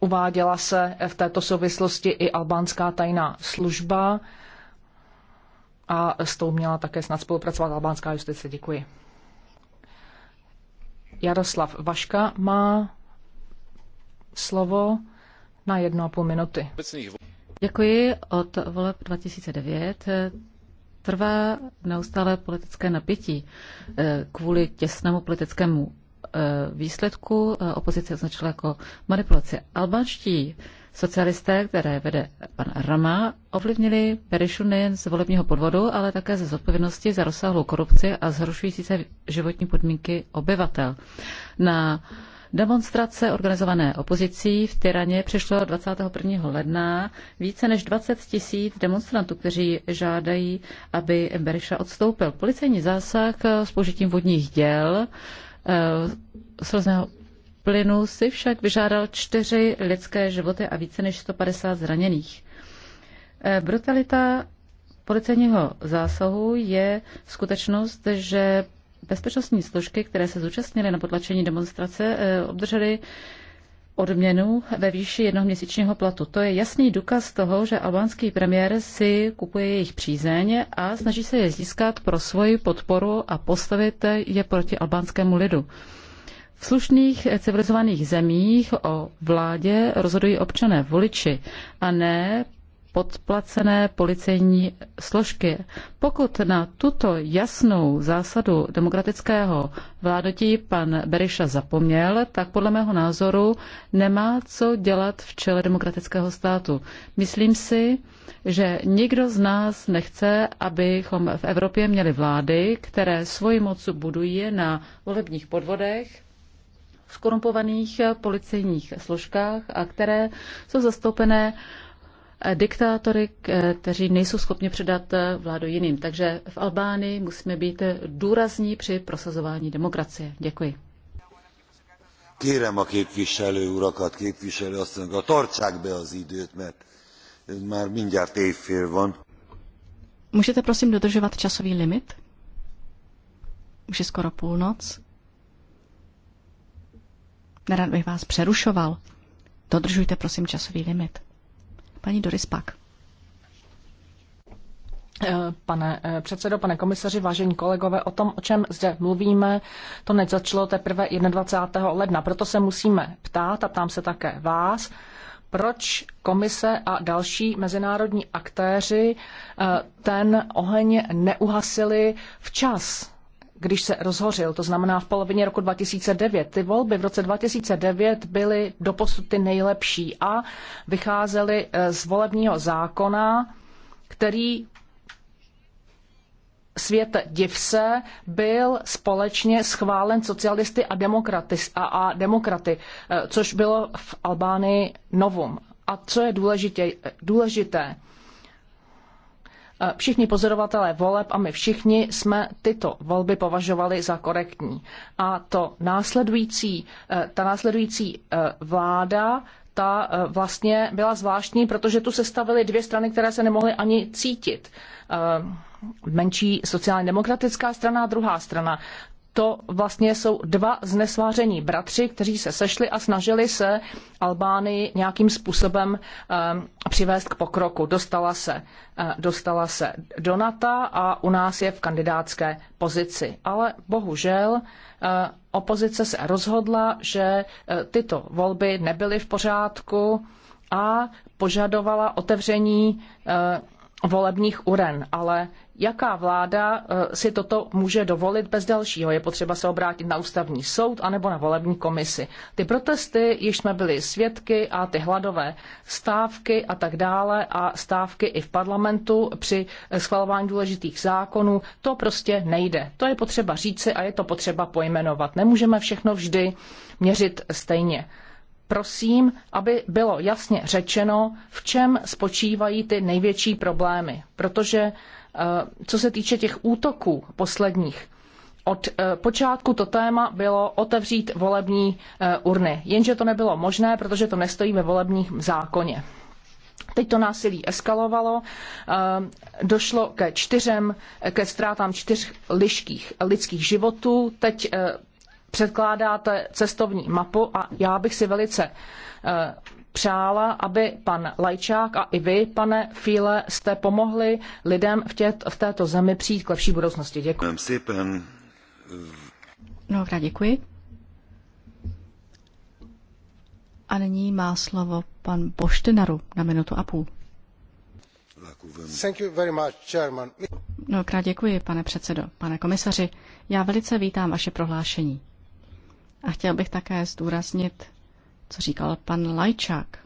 uváděla se v této souvislosti i albánská tajná služba a s tou měla také snad spolupracovat albánská justice. Děkuji. Jaroslav Vaška má slovo na jednu a půl minuty. Děkuji. Od voleb 2009 eh, trvá neustále politické napětí. Eh, kvůli těsnému politickému eh, výsledku opozice označila jako manipulaci. Albánští Socialisté, které vede pan Rama, ovlivnili Perišu nejen z volebního podvodu, ale také ze zodpovědnosti za rozsáhlou korupci a zhoršující se životní podmínky obyvatel. Na Demonstrace organizované opozicí v Tyraně přišlo 21. ledna více než 20 tisíc demonstrantů, kteří žádají, aby Beriša odstoupil. Policejní zásah s použitím vodních děl, eh, slzného plynu si však vyžádal čtyři lidské životy a více než 150 zraněných. Eh, brutalita policejního zásahu je skutečnost, že bezpečnostní složky, které se zúčastnily na potlačení demonstrace, eh, obdržely odměnu ve výši jednoměsíčního platu. To je jasný důkaz toho, že albánský premiér si kupuje jejich přízeň a snaží se je získat pro svoji podporu a postavit je proti albánskému lidu. V slušných civilizovaných zemích o vládě rozhodují občané, voliči, a ne podplacené policejní složky. Pokud na tuto jasnou zásadu demokratického vládotí pan Beriša zapomněl, tak podle mého názoru nemá co dělat v čele demokratického státu. Myslím si, že nikdo z nás nechce, abychom v Evropě měli vlády, které svoji moc budují na volebních podvodech, skorumpovaných policejních složkách a které jsou zastoupené diktátory, kteří nejsou schopni předat vládu jiným. Takže v Albánii musíme být důrazní při prosazování demokracie. Děkuji. Kérem a képviselő urakat, képviselő asszonyokat, tartsák be az időt, mert már mindjárt évfél van. Můžete prosím dodržovat časový limit? Už je skoro půlnoc. Nerad bych vás přerušoval. Dodržujte prosím časový limit. Paní Doris Pak. Eh, pane eh, předsedo, pane komisaři, vážení kolegové, o tom, o čem zde mluvíme, to nezačalo teprve 21. ledna. Proto se musíme ptát a ptám se také vás, proč komise a další mezinárodní aktéři eh, ten oheň neuhasili včas když se rozhořil, to znamená v polovině roku 2009. Ty volby v roce 2009 byly doposud ty nejlepší a vycházely eh, z volebního zákona, který svět divse byl společně schválen socialisty a demokraty, a, a demokraty eh, což bylo v Albánii novum. A co je důležitě, eh, důležité, Eh, všichni pozorovatelé voleb a my všichni jsme tyto volby považovali za korektní. A to následující, eh, ta následující eh, vláda ta vlastně byla zvláštní, protože tu se stavily dvě strany, které se nemohly ani cítit. Menší sociálně demokratická strana a druhá strana to vlastně jsou dva znesváření bratři, kteří se sešli a snažili se Albánii nějakým způsobem um, přivést k pokroku. Dostala se, uh, dostala se do NATO a u nás je v kandidátské pozici. Ale bohužel uh, opozice se rozhodla, že uh, tyto volby nebyly v pořádku a požadovala otevření uh, volebních uren, ale jaká vláda eh, si toto může dovolit bez dalšího? Je potřeba se obrátit na ústavní soud anebo na volební komisi. Ty protesty již jsme byli svědky a ty hladové stávky a tak dále a stávky i v parlamentu při eh, schvalování důležitých zákonů, to prostě nejde. To je potřeba říci a je to potřeba pojmenovat. Nemůžeme všechno vždy měřit stejně prosím, aby bylo jasně řečeno, v čem spočívají ty největší problémy. Protože eh, co se týče těch útoků posledních, od eh, počátku to téma bylo otevřít volební eh, urny, jenže to nebylo možné, protože to nestojí ve volebním zákoně. Teď to násilí eskalovalo, došlo ke čtyřem, ke ztrátám čtyř liškých, lidských životů, teď předkládáte cestovní mapu a já bych si velice eh, přála, aby pan Lajčák a i vy, pane Fíle, jste pomohli lidem v, tě, v této zemi přijít k lepší budoucnosti. Děkuji. Mnohokrát děkuji. A nyní má slovo pan Boštenaru na minutu a půl. Thank you very much, Chairman. Mnohokrát děkuji, pane předsedo, pane komisaři. Já velice vítám vaše prohlášení. A chtěl bych také zdůraznit, co říkal pan Lajčák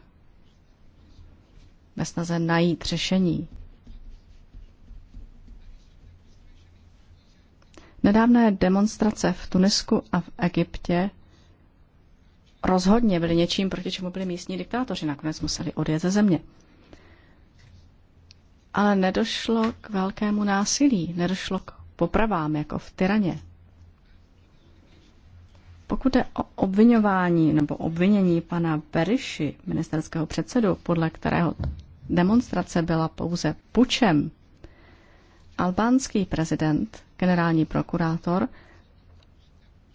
ve snaze najít řešení. Nedávné demonstrace v Tunisku a v Egyptě rozhodně byly něčím, proti čemu byli místní diktátoři. Nakonec museli odjet ze země. Ale nedošlo k velkému násilí, nedošlo k popravám, jako v Tyraně. Pokud je o obvinování nebo obvinění pana Periši, ministerského předsedu, podle kterého demonstrace byla pouze pučem, albánský prezident, generální prokurátor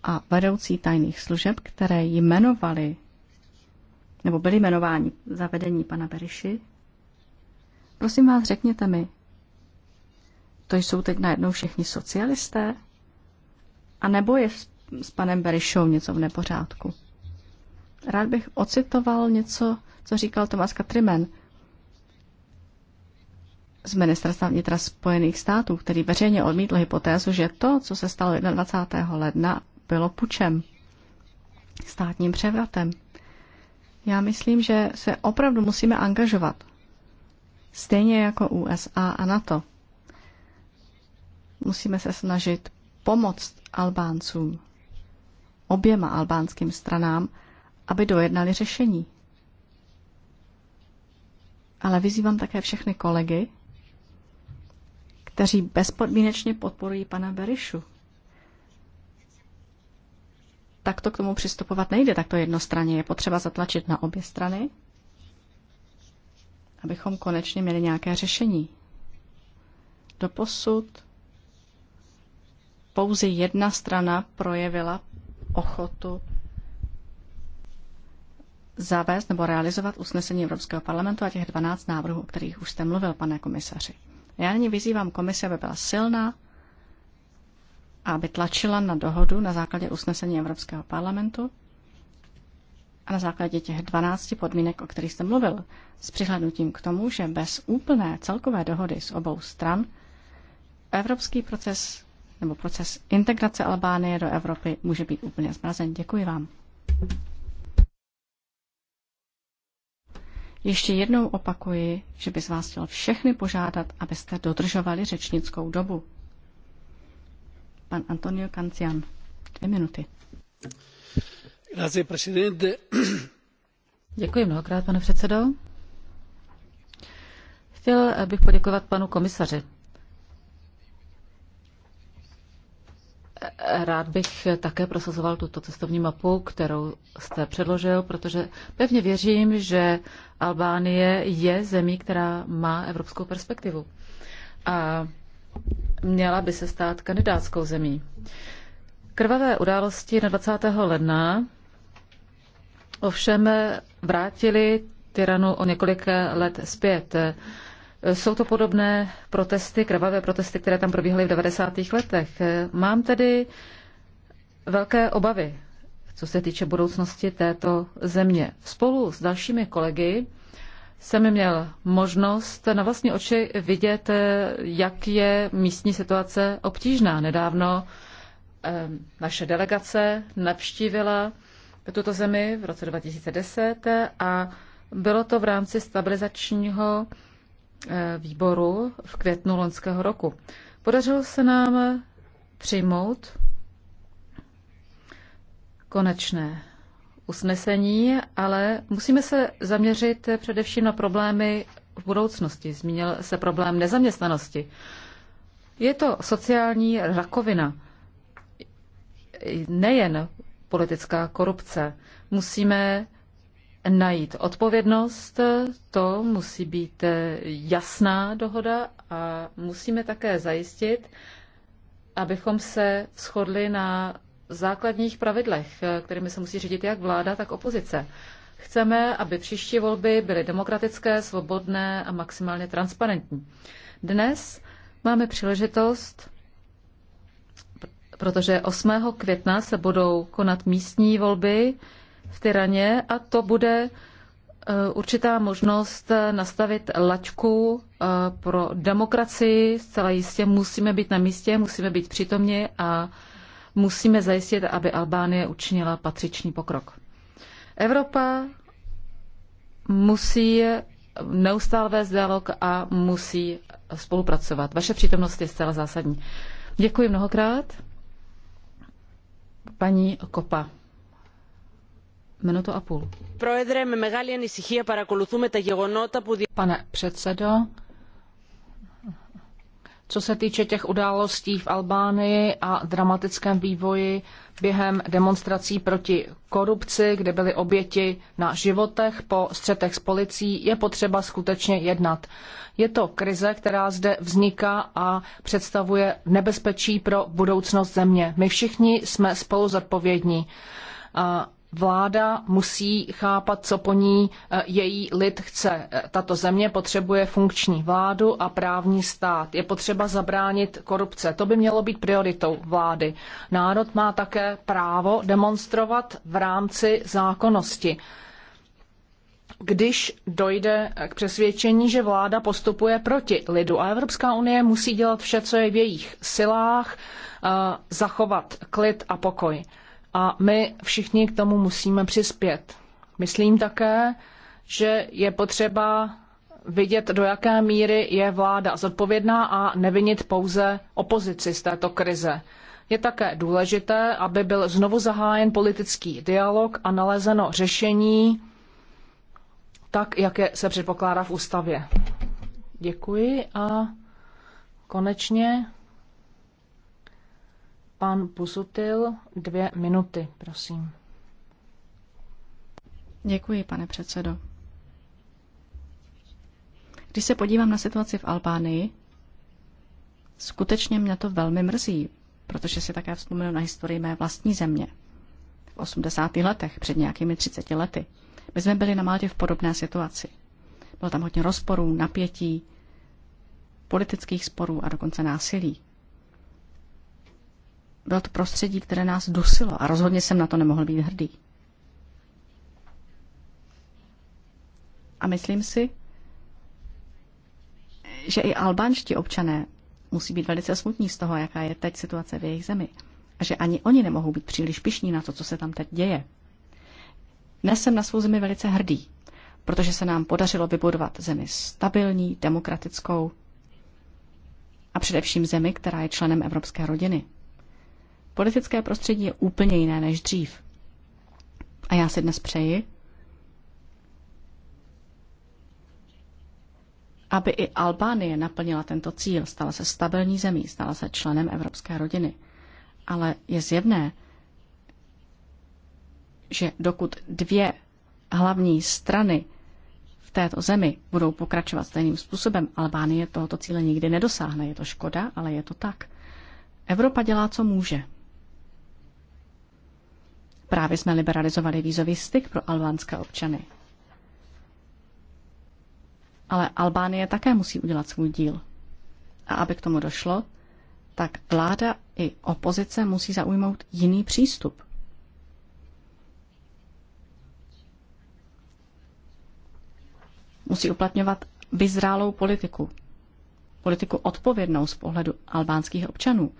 a vedoucí tajných služeb, které jmenovali nebo byli jmenováni za vedení pana Beriši, prosím vás, řekněte mi, to jsou teď najednou všichni socialisté? A nebo je s panem Berišou něco v nepořádku. Rád bych ocitoval něco, co říkal Tomás Katrimen z ministerstva vnitra Spojených států, který veřejně odmítl hypotézu, že to, co se stalo 21. ledna, bylo pučem, státním převratem. Já myslím, že se opravdu musíme angažovat. Stejně jako USA a NATO. Musíme se snažit pomoct Albáncům oběma albánským stranám, aby dojednali řešení. Ale vyzývám také všechny kolegy, kteří bezpodmínečně podporují pana Berišu. Tak to k tomu přistupovat nejde, tak to jednostranně. Je potřeba zatlačit na obě strany, abychom konečně měli nějaké řešení. Doposud pouze jedna strana projevila ochotu zavést nebo realizovat usnesení Evropského parlamentu a těch 12 návrhů, o kterých už jste mluvil, pane komisaři. Já nyní vyzývám komisi, aby byla silná a aby tlačila na dohodu na základě usnesení Evropského parlamentu a na základě těch 12 podmínek, o kterých jste mluvil, s přihlednutím k tomu, že bez úplné celkové dohody z obou stran evropský proces nebo proces integrace Albánie do Evropy může být úplně zmrazen. Děkuji vám. Ještě jednou opakuji, že bych vás chtěl všechny požádat, abyste dodržovali řečnickou dobu. Pan Antonio Cancian, dvě minuty. Děkuji mnohokrát, pane předsedo. Chtěl bych poděkovat panu komisaři Rád bych také prosazoval tuto cestovní mapu, kterou jste předložil, protože pevně věřím, že Albánie je zemí, která má evropskou perspektivu a měla by se stát kandidátskou zemí. Krvavé události na 20. ledna ovšem vrátili tyranu o několik let zpět. Jsou to podobné protesty, krvavé protesty, které tam probíhaly v 90. letech. Mám tedy velké obavy, co se týče budoucnosti této země. Spolu s dalšími kolegy jsem měl možnost na vlastní oči vidět, jak je místní situace obtížná. Nedávno naše delegace navštívila tuto zemi v roce 2010 a bylo to v rámci stabilizačního Eh, výboru v květnu loňského roku. Podařilo se nám přijmout konečné usnesení, ale musíme se zaměřit především na problémy v budoucnosti. Zmínil se problém nezaměstnanosti. Je to sociální rakovina, nejen politická korupce. Musíme najít odpovědnost, to musí být eh, jasná dohoda a musíme také zajistit, abychom se shodli na základních pravidlech, eh, kterými se musí řídit jak vláda, tak opozice. Chceme, aby příští volby byly demokratické, svobodné a maximálně transparentní. Dnes máme příležitost, protože 8. května se budou konat místní volby, v Tyraně a to bude eh, určitá možnost eh, nastavit laťku eh, pro demokracii. Zcela jistě musíme být na místě, musíme být přítomni a musíme zajistit, aby Albánie učinila patřičný pokrok. Evropa musí neustále vést dialog a musí spolupracovat. Vaše přítomnost je zcela zásadní. Děkuji mnohokrát. Paní Kopa minutu a půl. Pane předsedo, co se týče těch událostí v Albánii a dramatickém vývoji během demonstrací proti korupci, kde byly oběti na životech po střetech s policií, je potřeba skutečně jednat. Je to krize, která zde vzniká a představuje nebezpečí pro budoucnost země. My všichni jsme spolu zodpovědní. Vláda musí chápat, co po ní eh, její lid chce. Eh, tato země potřebuje funkční vládu a právní stát. Je potřeba zabránit korupce. To by mělo být prioritou vlády. Národ má také právo demonstrovat v rámci zákonnosti když dojde eh, k přesvědčení, že vláda postupuje proti lidu. A Evropská unie musí dělat vše, co je v jejich silách, zachovat klid a pokoj a my všichni k tomu musíme přispět. Myslím také, že je potřeba vidět, do jaké míry je vláda zodpovědná a nevinit pouze opozici z této krize. Je také důležité, aby byl znovu zahájen politický dialog a nalezeno řešení tak, jak je, se předpokládá v ústavě. Děkuji a konečně Pan Pusutil, dvě minuty, prosím. Děkuji, pane předsedo. Když se podívám na situaci v Albánii, skutečně mě to velmi mrzí, protože si také vzpomenu na historii mé vlastní země. V 80. letech, před nějakými 30 lety, my jsme byli na Maltě v podobné situaci. Bylo tam hodně rozporů, napětí, politických sporů a dokonce násilí bylo to prostředí, které nás dusilo a rozhodně jsem na to nemohl být hrdý. A myslím si, že i albánští občané musí být velice smutní z toho, jaká je teď situace v jejich zemi. A že ani oni nemohou být příliš pišní na to, co se tam teď děje. Dnes jsem na svou zemi velice hrdý, protože se nám podařilo vybudovat zemi stabilní, demokratickou a především zemi, která je členem evropské rodiny. Politické prostředí je úplně jiné než dřív. A já si dnes přeji, aby i Albánie naplnila tento cíl, stala se stabilní zemí, stala se členem evropské rodiny. Ale je zjevné, že dokud dvě hlavní strany v této zemi budou pokračovat stejným způsobem, Albánie tohoto cíle nikdy nedosáhne. Je to škoda, ale je to tak. Evropa dělá, co může. Právě jsme liberalizovali vízový styk pro albánské občany. Ale Albánie také musí udělat svůj díl. A aby k tomu došlo, tak vláda i opozice musí zaujmout jiný přístup. Musí uplatňovat vyzrálou politiku. Politiku odpovědnou z pohledu albánských občanů.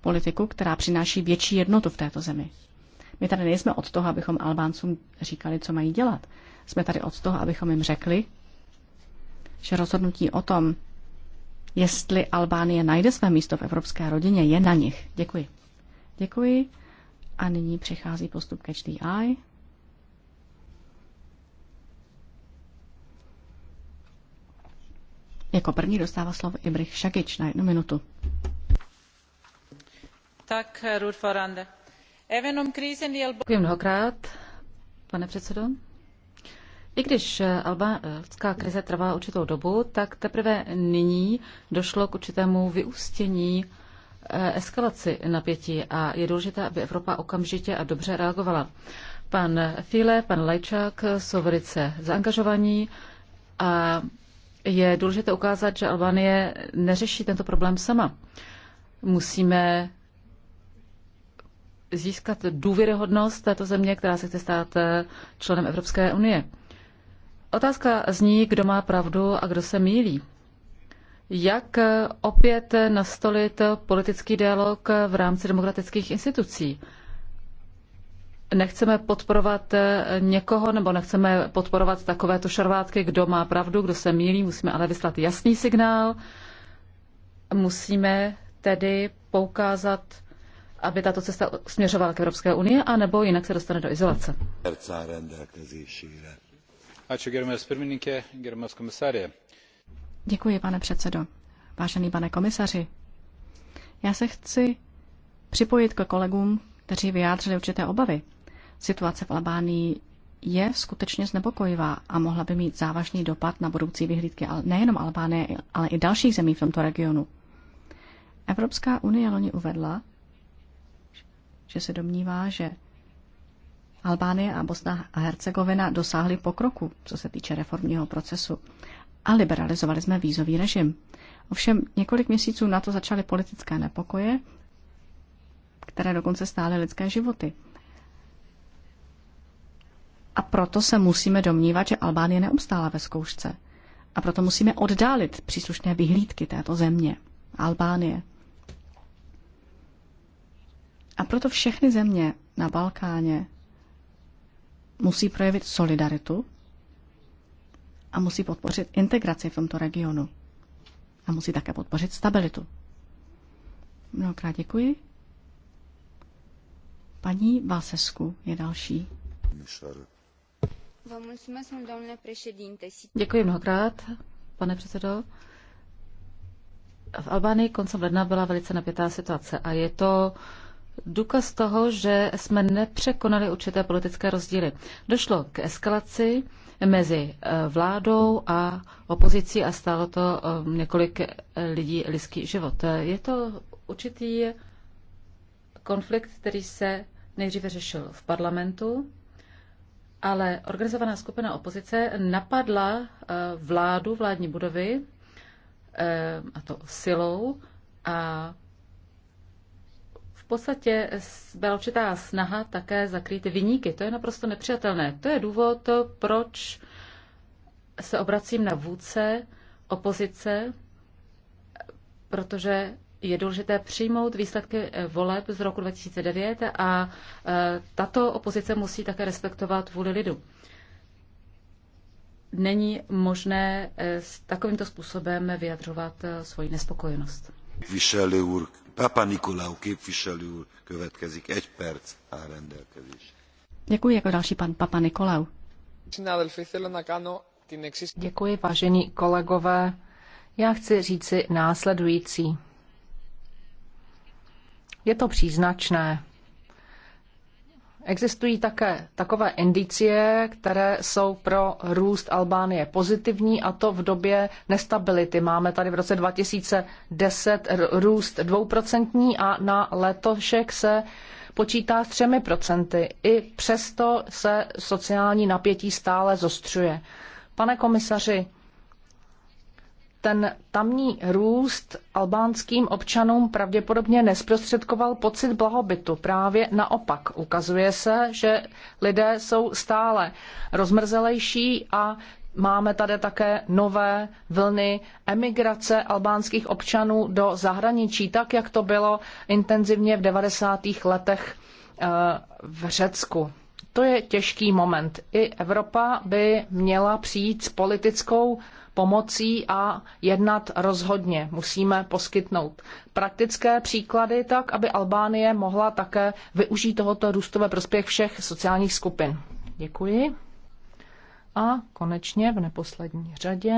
Politiku, která přináší větší jednotu v této zemi. My tady nejsme od toho, abychom Albáncům říkali, co mají dělat. Jsme tady od toho, abychom jim řekli, že rozhodnutí o tom, jestli Albánie najde své místo v evropské rodině, je na nich. Děkuji. Děkuji. A nyní přichází postup Catch the Eye. Jako první dostává slovo Ibrich Šakič na jednu minutu. Tak, Rudforande. Děkuji mnohokrát, pane předsedo. I když eh, albánská krize trvá určitou dobu, tak teprve nyní došlo k určitému vyústění eh, eskalaci napětí a je důležité, aby Evropa okamžitě a dobře reagovala. Pan File, pan Lajčák jsou velice zaangažovaní a je důležité ukázat, že Albánie neřeší tento problém sama. Musíme získat důvěryhodnost této země, která se chce stát eh, členem Evropské unie. Otázka zní, kdo má pravdu a kdo se mílí. Jak eh, opět nastolit politický dialog eh, v rámci demokratických institucí? Nechceme podporovat někoho nebo nechceme podporovat takovéto šarvátky, kdo má pravdu, kdo se mílí. Musíme ale vyslat jasný signál. Musíme tedy poukázat aby tato cesta směřovala k Evropské unii, anebo jinak se dostane do izolace. Děkuji, pane předsedo. Vážený pane komisaři, já se chci připojit ke kolegům, kteří vyjádřili určité obavy. Situace v Albánii je skutečně znepokojivá a mohla by mít závažný dopad na budoucí vyhlídky nejenom Albánie, ale i dalších zemí v tomto regionu. Evropská unie loni uvedla, že se domnívá, že Albánie a Bosna a Hercegovina dosáhly pokroku, co se týče reformního procesu. A liberalizovali jsme vízový režim. Ovšem několik měsíců na to začaly politické nepokoje, které dokonce stály lidské životy. A proto se musíme domnívat, že Albánie neobstála ve zkoušce. A proto musíme oddálit příslušné vyhlídky této země, Albánie. A proto všechny země na Balkáně musí projevit solidaritu a musí podpořit integraci v tomto regionu. A musí také podpořit stabilitu. Mnohokrát děkuji. Paní Vasesku je další. Děkuji mnohokrát, pane předsedo. V Albánii koncem ledna byla velice napětá situace a je to uh, důkaz toho, že jsme nepřekonali určité politické rozdíly. Došlo k eskalaci mezi eh, vládou a opozicí a stálo to eh, několik eh, lidí lidský život. Je to určitý konflikt, který se nejdříve řešil v parlamentu, ale organizovaná skupina opozice napadla vládu, vládní budovy, a to silou, a podstatě byla určitá snaha také zakrýt vyníky. To je naprosto nepřijatelné. To je důvod, proč se obracím na vůdce opozice, protože je důležité přijmout výsledky eh, voleb z roku 2009 a eh, tato opozice musí také respektovat vůli lidu. Není možné eh, s takovýmto způsobem vyjadřovat svoji nespokojenost. Vyšeli Papa Děkuji jako další pan Papa Nikolau. Děkuji, vážení kolegové. Já chci říci následující. Je to příznačné, Existují také takové indicie, které jsou pro růst Albánie pozitivní a to v době nestability. Máme tady v roce 2010 růst dvouprocentní a na letošek se počítá s třemi procenty. I přesto se sociální napětí stále zostřuje. Pane komisaři, ten tamní růst albánským občanům pravděpodobně nesprostředkoval pocit blahobytu. Právě naopak ukazuje se, že lidé jsou stále rozmrzelejší a máme tady také nové vlny emigrace albánských občanů do zahraničí, tak jak to bylo intenzivně v 90. letech eh, v Řecku. To je těžký moment. I Evropa by měla přijít s politickou pomocí a jednat rozhodně. Musíme poskytnout praktické příklady tak, aby Albánie mohla také využít tohoto růstu ve prospěch všech sociálních skupin. Děkuji. A konečně v neposlední řadě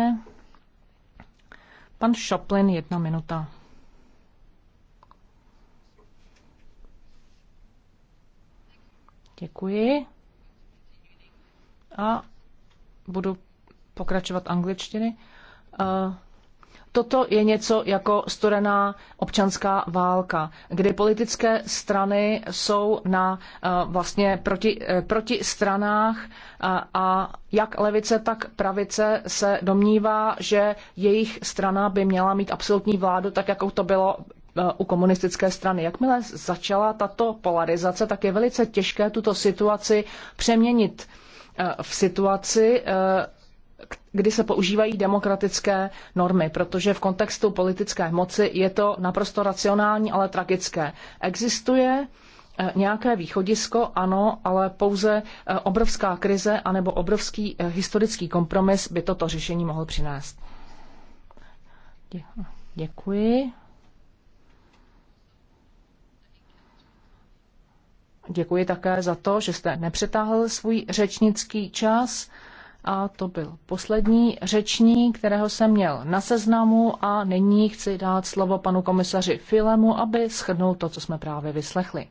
pan Šoplin, jedna minuta. Děkuji. A budu pokračovat angličtiny. Eh, toto je něco jako studená občanská válka, kdy politické strany jsou na eh, vlastně proti, eh, proti stranách a, a jak levice, tak pravice se domnívá, že jejich strana by měla mít absolutní vládu, tak jako to bylo u komunistické strany. Jakmile začala tato polarizace, tak je velice těžké tuto situaci přeměnit v situaci, kdy se používají demokratické normy, protože v kontextu politické moci je to naprosto racionální, ale tragické. Existuje eh, nějaké východisko, ano, ale pouze eh, obrovská krize anebo obrovský eh, historický kompromis by toto řešení mohl přinést. Děkuji. Děkuji také za to, že jste nepřetáhl svůj řečnický čas a to byl poslední řeční, kterého jsem měl na seznamu a nyní chci dát slovo panu komisaři Filemu, aby schrnul to, co jsme právě vyslechli.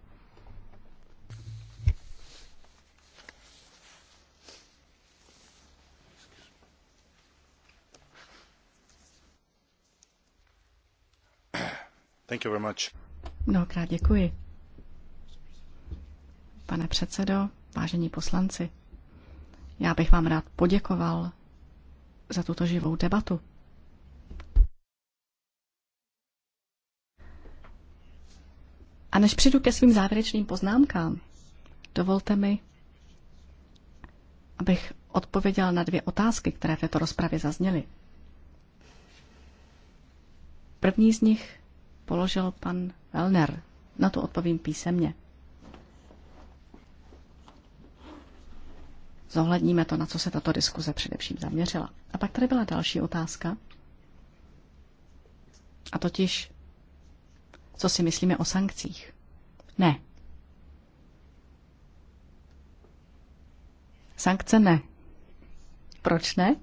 Thank you very much. Mnohokrát děkuji. Pane předsedo, vážení poslanci, já bych vám rád poděkoval za tuto živou debatu. A než přijdu ke svým závěrečným poznámkám, dovolte mi, abych odpověděl na dvě otázky, které v této rozpravě zazněly. První z nich položil pan Elner. Na to odpovím písemně. zohledníme to, na co se tato diskuze především zaměřila. A pak tady byla další otázka, a totiž, co si myslíme o sankcích. Ne. Sankce ne. Proč ne?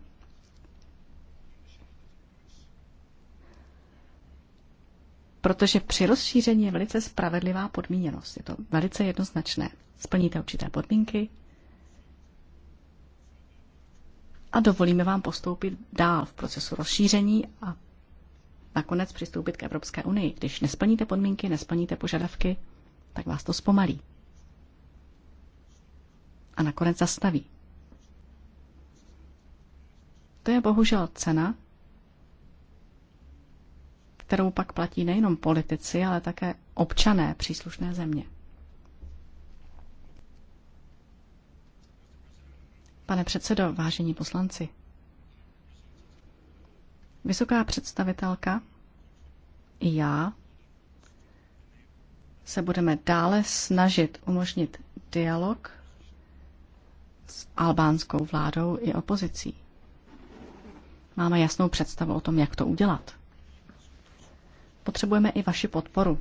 protože při rozšíření je velice spravedlivá podmíněnost. Je to velice jednoznačné. Splníte určité podmínky, a dovolíme vám postoupit dál v procesu rozšíření a nakonec přistoupit k Evropské unii. Když nesplníte podmínky, nesplníte požadavky, tak vás to zpomalí. A nakonec zastaví. To je bohužel cena, kterou pak platí nejenom politici, ale také občané příslušné země. Pane předsedo, vážení poslanci, vysoká představitelka i já se budeme dále snažit umožnit dialog s albánskou vládou i opozicí. Máme jasnou představu o tom, jak to udělat. Potřebujeme i vaši podporu,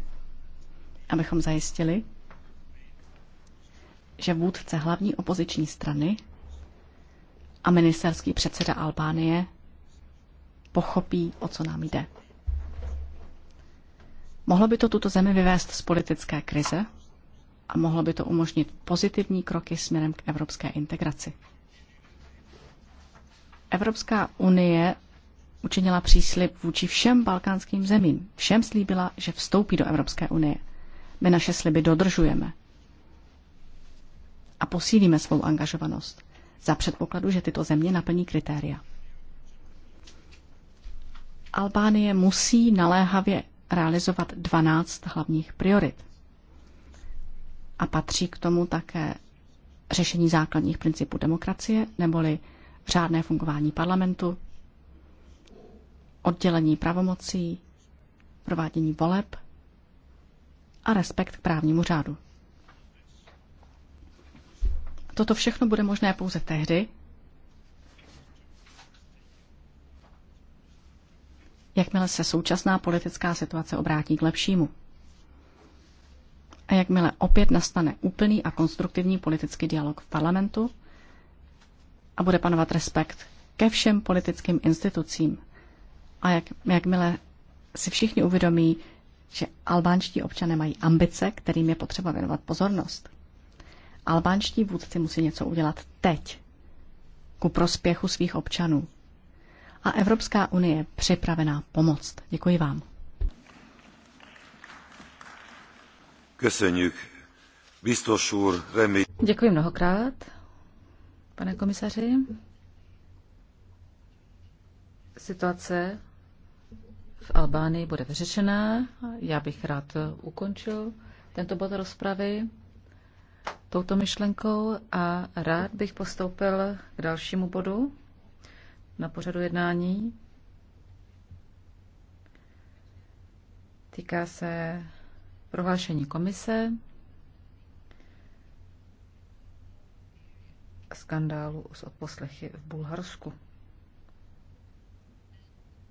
abychom zajistili, že vůdce hlavní opoziční strany a ministerský předseda Albánie pochopí, o co nám jde. Mohlo by to tuto zemi vyvést z politické krize a mohlo by to umožnit pozitivní kroky směrem k evropské integraci. Evropská unie učinila příslip vůči všem balkánským zemím. Všem slíbila, že vstoupí do Evropské unie. My naše sliby dodržujeme a posílíme svou angažovanost za předpokladu, že tyto země naplní kritéria. Albánie musí naléhavě realizovat 12 hlavních priorit. A patří k tomu také řešení základních principů demokracie, neboli řádné fungování parlamentu, oddělení pravomocí, provádění voleb a respekt k právnímu řádu. Toto všechno bude možné pouze tehdy, jakmile se současná politická situace obrátí k lepšímu. A jakmile opět nastane úplný a konstruktivní politický dialog v parlamentu a bude panovat respekt ke všem politickým institucím a jak, jakmile si všichni uvědomí, že albánští občané mají ambice, kterým je potřeba věnovat pozornost. Albánští vůdci musí něco udělat teď, ku prospěchu svých občanů. A Evropská unie je připravená pomoct. Děkuji vám. Děkuji mnohokrát, pane komisaři. Situace v Albánii bude vyřešená. Já bych rád ukončil tento bod rozpravy touto myšlenkou a rád bych postoupil k dalšímu bodu na pořadu jednání. Týká se prohlášení komise, skandálu s odposlechy v Bulharsku.